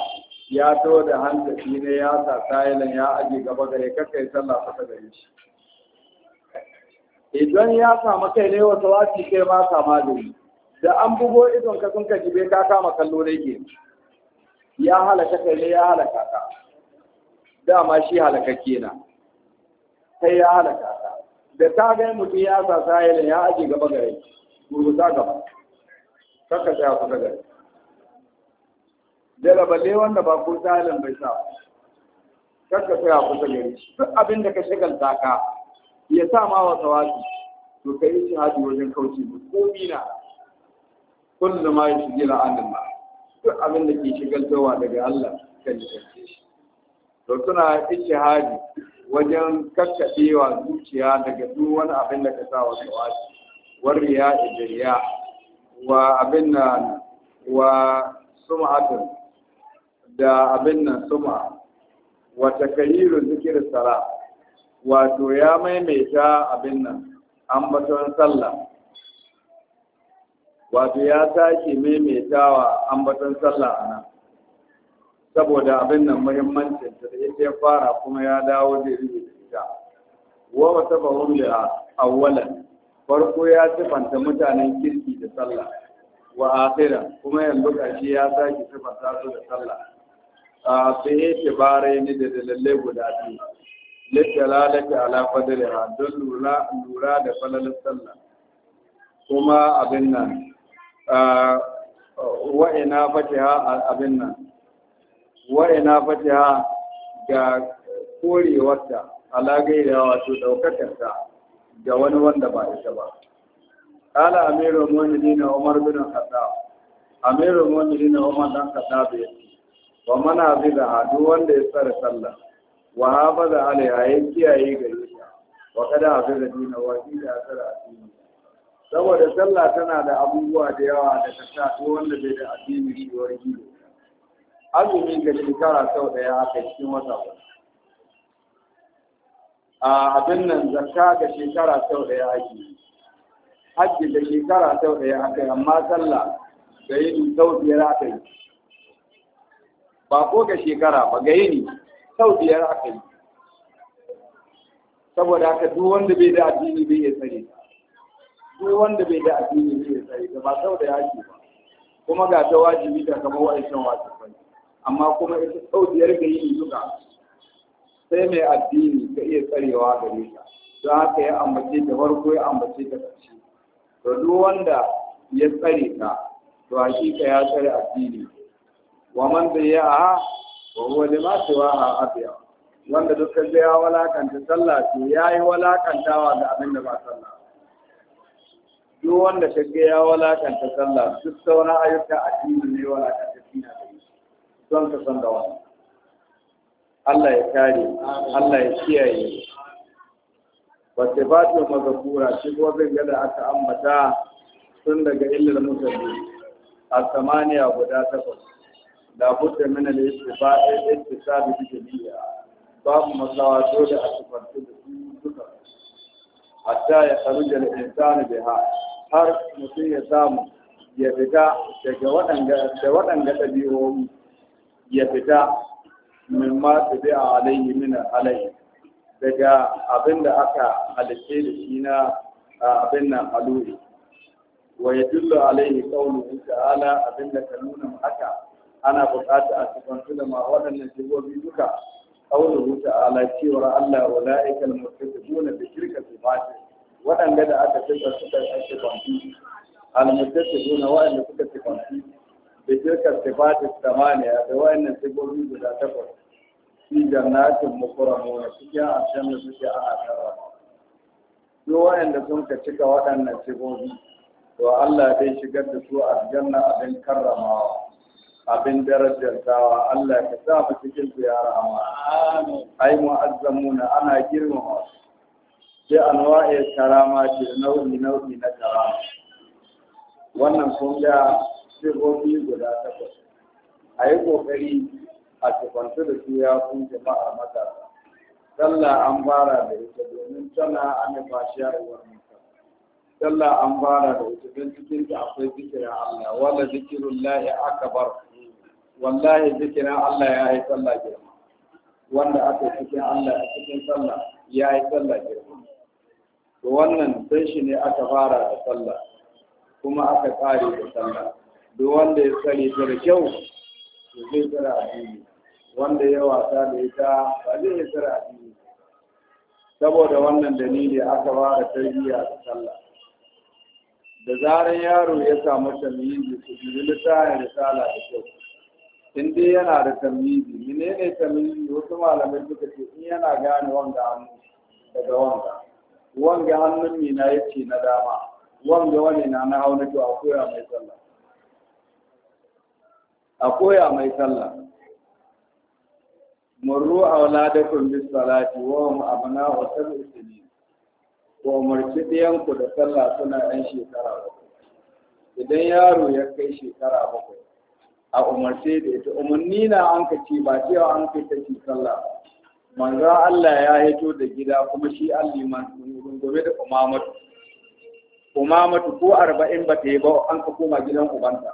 ya to da hankali ne ya sa tayilan ya aje gaba gare kakkai sallah fata gare shi idan ya samu kai ne wasawasi kai ma kama da da an bugo idon ka sun ka jibe ka kama kallo ne ke ya halaka kai ne ya halaka ka dama shi halakakke na sai ya halaka ta da ta ga mutum ya sa sahilin ya aje gaba gare gurgusa gaba kaka tsaya kusa gare da balle wanda ba ko sahilin bai sa kaka tsaya kusa gare duk abin da ka shagalta ka ya sa ma wa tawaki to kai yi shahadi wajen kauce mu ko mina kullum ma ya shigila la'anin ma duk abin da ke shigaltowa daga Allah kan shi to suna ishihadi wajen kakkaɗewa zuciya daga duk wani abin da ka sa wa tsawaci warriya idiriya wa abin nan wa sum'atun da abin nan sum'a wa takayyiru zikir sala wato ya maimaita abin nan ambaton sallah wato ya sake maimaitawa ambaton sallah anan saboda abin nan muhimmancin ta da yake fara kuma ya dawo da da ita wa wata bahum da awwalan farko ya sifanta mutanen kirki da sallah wa akhira kuma yanzu kashi ya saki sifanta su da sallah a sai ke bare ni da dalilai guda biyu littalalaki ala fadliha don lura da falalar sallah kuma abin nan wa'ina fatiha abin nan wa ina fatiha ga korewarta ala gaira wato daukakarta ga wani wanda ba ita ba Amiru amirul mu'minin umar bin Amiru amirul mu'minin umar dan khattab bai yi. wa man da duk wanda ya tsara sallah wa da alaiha ya kiyaye gari ta wa kada da dina wa shi da a addini saboda sallah tana da abubuwa da yawa da ta sa wanda bai da addini shi wargi azumi ga shekara sau ɗaya yi cikin wata a abin nan zakka ga shekara sau ɗaya yi. hajji ga shekara sau ɗaya aka yi amma sallah ga yini sau biyar aka yi ba ko ga shekara ba ga yini sau biyar aka yi saboda haka duk wanda bai da addini bai iya tsare duk wanda bai da addini bai iya tsare ta ba sau a yaki ba kuma ga ta wajibi ta kamar wa'ancan wajibi amma kuma ita sau biyar ga yi duka sai mai addini ka iya tsarewa gare ta don haka ya ambace ta farko ya ambace ta ƙarshe to duk wanda ya tsare ta to hakika ya tsare addini wa man zayyaha wa huwa lima siwaha abiya wanda dukkan zai ya walakanta sallah to yayi walakantawa ga abin da ba sallah duk wanda kage ya walakanta sallah duk sauran ayyuka addini ne walakanta shi na don ka san da wani Allah ya kare Allah ya kiyaye wace ba ta mazakura shi kuma zai gada aka ambata tun daga illar mutane a samaniya guda takwas da da budda min al da ittisabi bi jami'a mu masawa dole a tabbata da su duka hatta ya kharuja insani da ha har mutum ya samu ya fita daga waɗanda da waɗanda ɗabi'o'i ya fita min ma bi a alayhi min alayhi daga abin da aka halitta da shi na abin nan aluri wa ya dillo alaihi kaunu ta'ala abin da ka nuna haka ana bukata a cikin da ma waɗannan jibobi duka kaunu ta'ala cewar Allah wa la'ikal mutaqibuna bi shirka sifati waɗanda da aka tsaka suka ake kwanci al mutaqibuna waɗanda suka tsikanci da shirkar sifatis samaniya da wayannan sifofi guda takwas fi jannatin mukarramuna cikin aljanna suke ana karrama duk wayanda sun cika waɗannan sifofi to Allah zai shigar da su aljanna abin karramawa abin darajantawa Allah ka sa mu cikin su ya rahama ai mu'azzamuna ana girmama su sai anwa'i karama ce nau'i nau'i na karama wannan kun sirrofi guda takwas a yi ƙoƙari a tukwanta da su ya kun jama'a matasa sallah an fara da ita domin tana an fashiya uwar mutum sallah an fara da ita don cikin ta akwai zikirin Allah wala zikirun lahi akbar wallahi zikirin Allah ya yi sallah girma wanda aka cikin Allah a cikin sallah ya yi sallah girma to wannan sai shi ne aka fara da sallah kuma aka kare da sallah duk wanda ya tsare ta da kyau to zai tsara addini wanda ya wasa da ita ba zai yi tsara addini saboda wannan dalili aka ba da tarbiyya da sallah da zarar yaro ya samu tamizi su biyu littafin risala da kyau in yana da tamizi menene tamizi wasu malamai suka ce in yana gane wanga hannu daga wanga wanga hannun mina yace na dama wanga wani na na na kyau a koya mai sallah a koya mai sallah murru auladakum bis salati wa hum abna'u sab'i sinin ko umarci ɗayanku da sallah suna ɗan shekara bakwai idan yaro ya kai shekara bakwai a umarce da ita umarni na an ka ba cewa an kai ta ce sallah manzo Allah ya hito da gida kuma shi alliman rungume da umamatu umamatu ko arba'in ba ta yi ba an ka koma gidan ubanta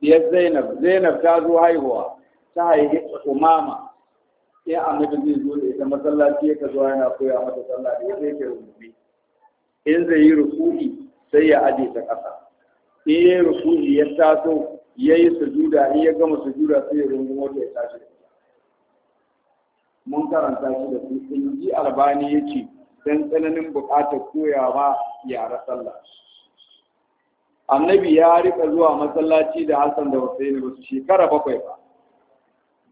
diyar zainab zainab ta zo haihuwa ta haihi umama sai annabi zai zo da ita masallaci ya zuwa yana koya mata sallah da zai ke rubuce in zai yi ruku'i sai ya aje ta ƙasa in yayi ruku'i ya taso yi sujuda in ya gama sujuda sai ya rungu ta ya tashi mun karanta shi da su in ji albani ce dan tsananin buƙatar koyawa yara sallah annabi ya rika zuwa masallaci da Hassan da Hussein ba su shekara bakwai ba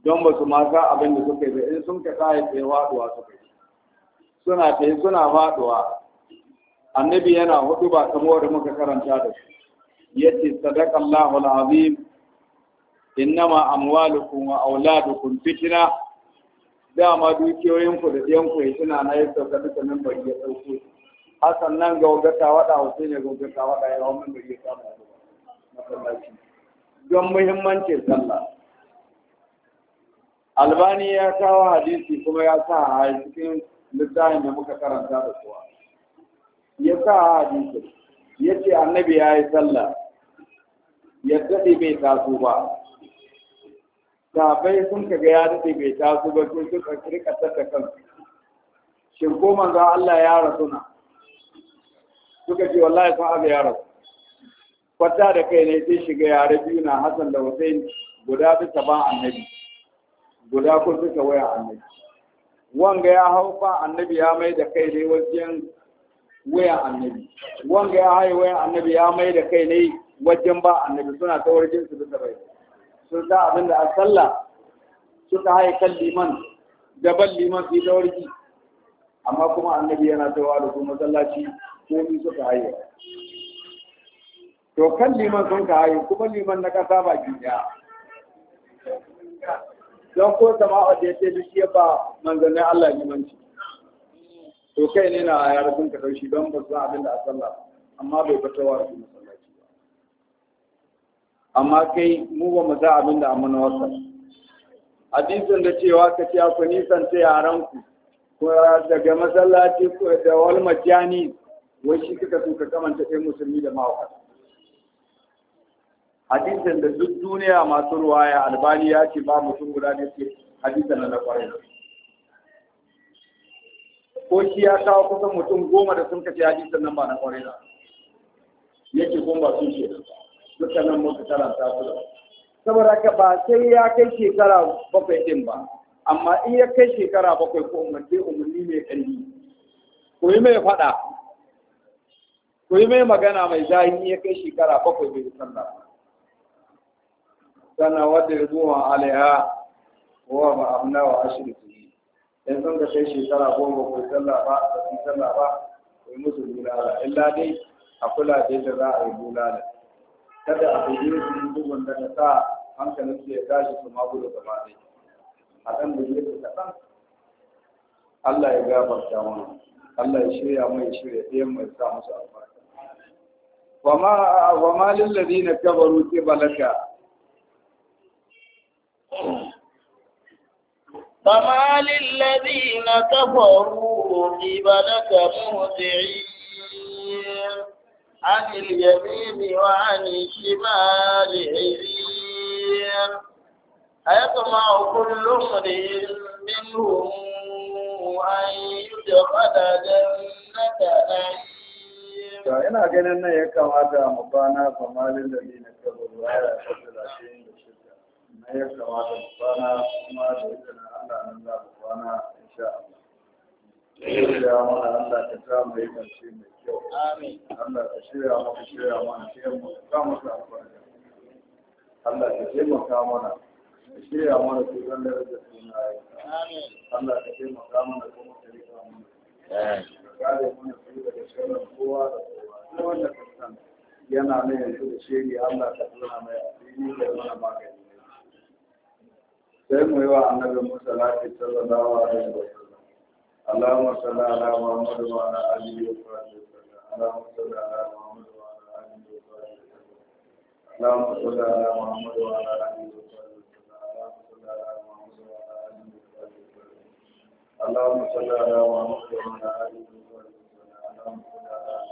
don ba su masa abin da suka yi in sun ka tsaya tsaye waduwa suka yi suna tsaye suna faduwa annabi yana hudu ba kamar muka karanta da su yace sadaqa Allahu al'azim innama amwalukum wa auladukum fitna dama dukiyoyinku da ɗiyanku suna na yadda ka duka nan bari ya ɗauko hasan nan ga wagata wada hausa ne ga wagata wada ya hau min bai iya samu masallaci don muhimmancin sallah albani ya kawo hadisi kuma ya sa a cikin littafin da muka karanta da kuwa ya sa a hadisi ya ce annabi ya yi sallah ya daɗe bai taso ba Kafai sun kaga ya daɗe bai taso ba sun suka rika tattakan kansu shin ko manzo Allah ya rasu na suka ce wallahi sun aga yaro kwata da kai ne sai shiga yare biyu na Hassan da Hussein guda bisa ba annabi guda ko suka waya annabi wanga ya hau ba annabi ya mai da kai ne wajen waya annabi wanga ya haye waya annabi ya mai da kai ne wajen ba annabi suna ta warjin su bisa bai sun sa abin da a sallah suka hai kan liman gaban liman fi yi ta warji amma kuma annabi yana tawa da su masallaci komi suka haye to kan liman sun ka haye kuma liman na kasa ba duniya don ko a da ya ce duk ya ba manzannin Allah limanci to kai ne na ya yara ka kaushi don ba su abin da a sallah amma bai fitowa su masallaci ba amma kai mu ba mu za abin da amma na wasa hadisin da cewa ka ce ku nisan ta yaran ku daga masallaci da wal majani wai shi kika so ka kamanta ɗaya musulmi da mawaka hadisan da duk duniya masu ruwaya albani ya ce ba mutum guda ne ce hadisan na kwarai ko shi ya kawo kusan mutum goma da sun kace hadisan nan ba na kwarai da yake kun ba sun ce dukkanin muka karanta su da saboda ka ba sai ya kai shekara bakwai ɗin ba amma in ya kai shekara bakwai ko umarni umarni mai ƙarfi ko yi mai faɗa ku yi mai magana mai zahi ya kai shekara bakwai bai sallah sannan wadda ya zuwa alaiha wa ba amna wa ashirin su in sun ka kai shekara goma bakwai sallah ba a su sallah ba ku yi musu bulala illa dai a kula da yadda za a yi bulala kada a fi yin su bugun da ta sa hankalin su ya tashi su gudu gaba ɗaya a ɗan da su kaɗan Allah ya gafarta mana Allah ya shirya mai shirya ɗayan mai sa musu albarka وما وما للذين كفروا قبلك فما للذين كفروا قبلك مهطعين عن اليمين وعن الشمال عزين أيطمع كل امرئ منهم أن يدخل جنة نعيم ta ina ganin nan ya kamata mu kwana kamalin da ne na kabo ruwa ya tafi lafiya da shirka na ya kamata mu kwana kuma da izinin Allah nan za mu kwana insha Allah shirya mana Allah ka sa mu yi karshe mai kyau Allah ka shirya maka shirya mana shirya mu ka sa maka albarka Allah ka taimaka mana ka shirya mana su zan da rage sunaye Allah ka taimaka mana kuma ta rika mana ka kare mana su daga shirin kowa da yana na yanzu da shiri Allah ta tona mai asiri da mana magani sai mu yi wa annabi Musa lafi sallallahu alaihi wa sallam Allahumma salli ala Muhammad wa ala alihi wa sahbihi Allahumma salli ala Muhammad wa ala alihi wa sahbihi Allahumma salli ala Muhammad wa ala alihi wa sahbihi Allahumma salli ala Muhammad wa ala alihi wa sahbihi Allahumma salli ala Muhammad wa ala alihi wa sahbihi Allahumma ala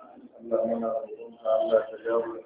اللهم نعوذ بك الله تجاوز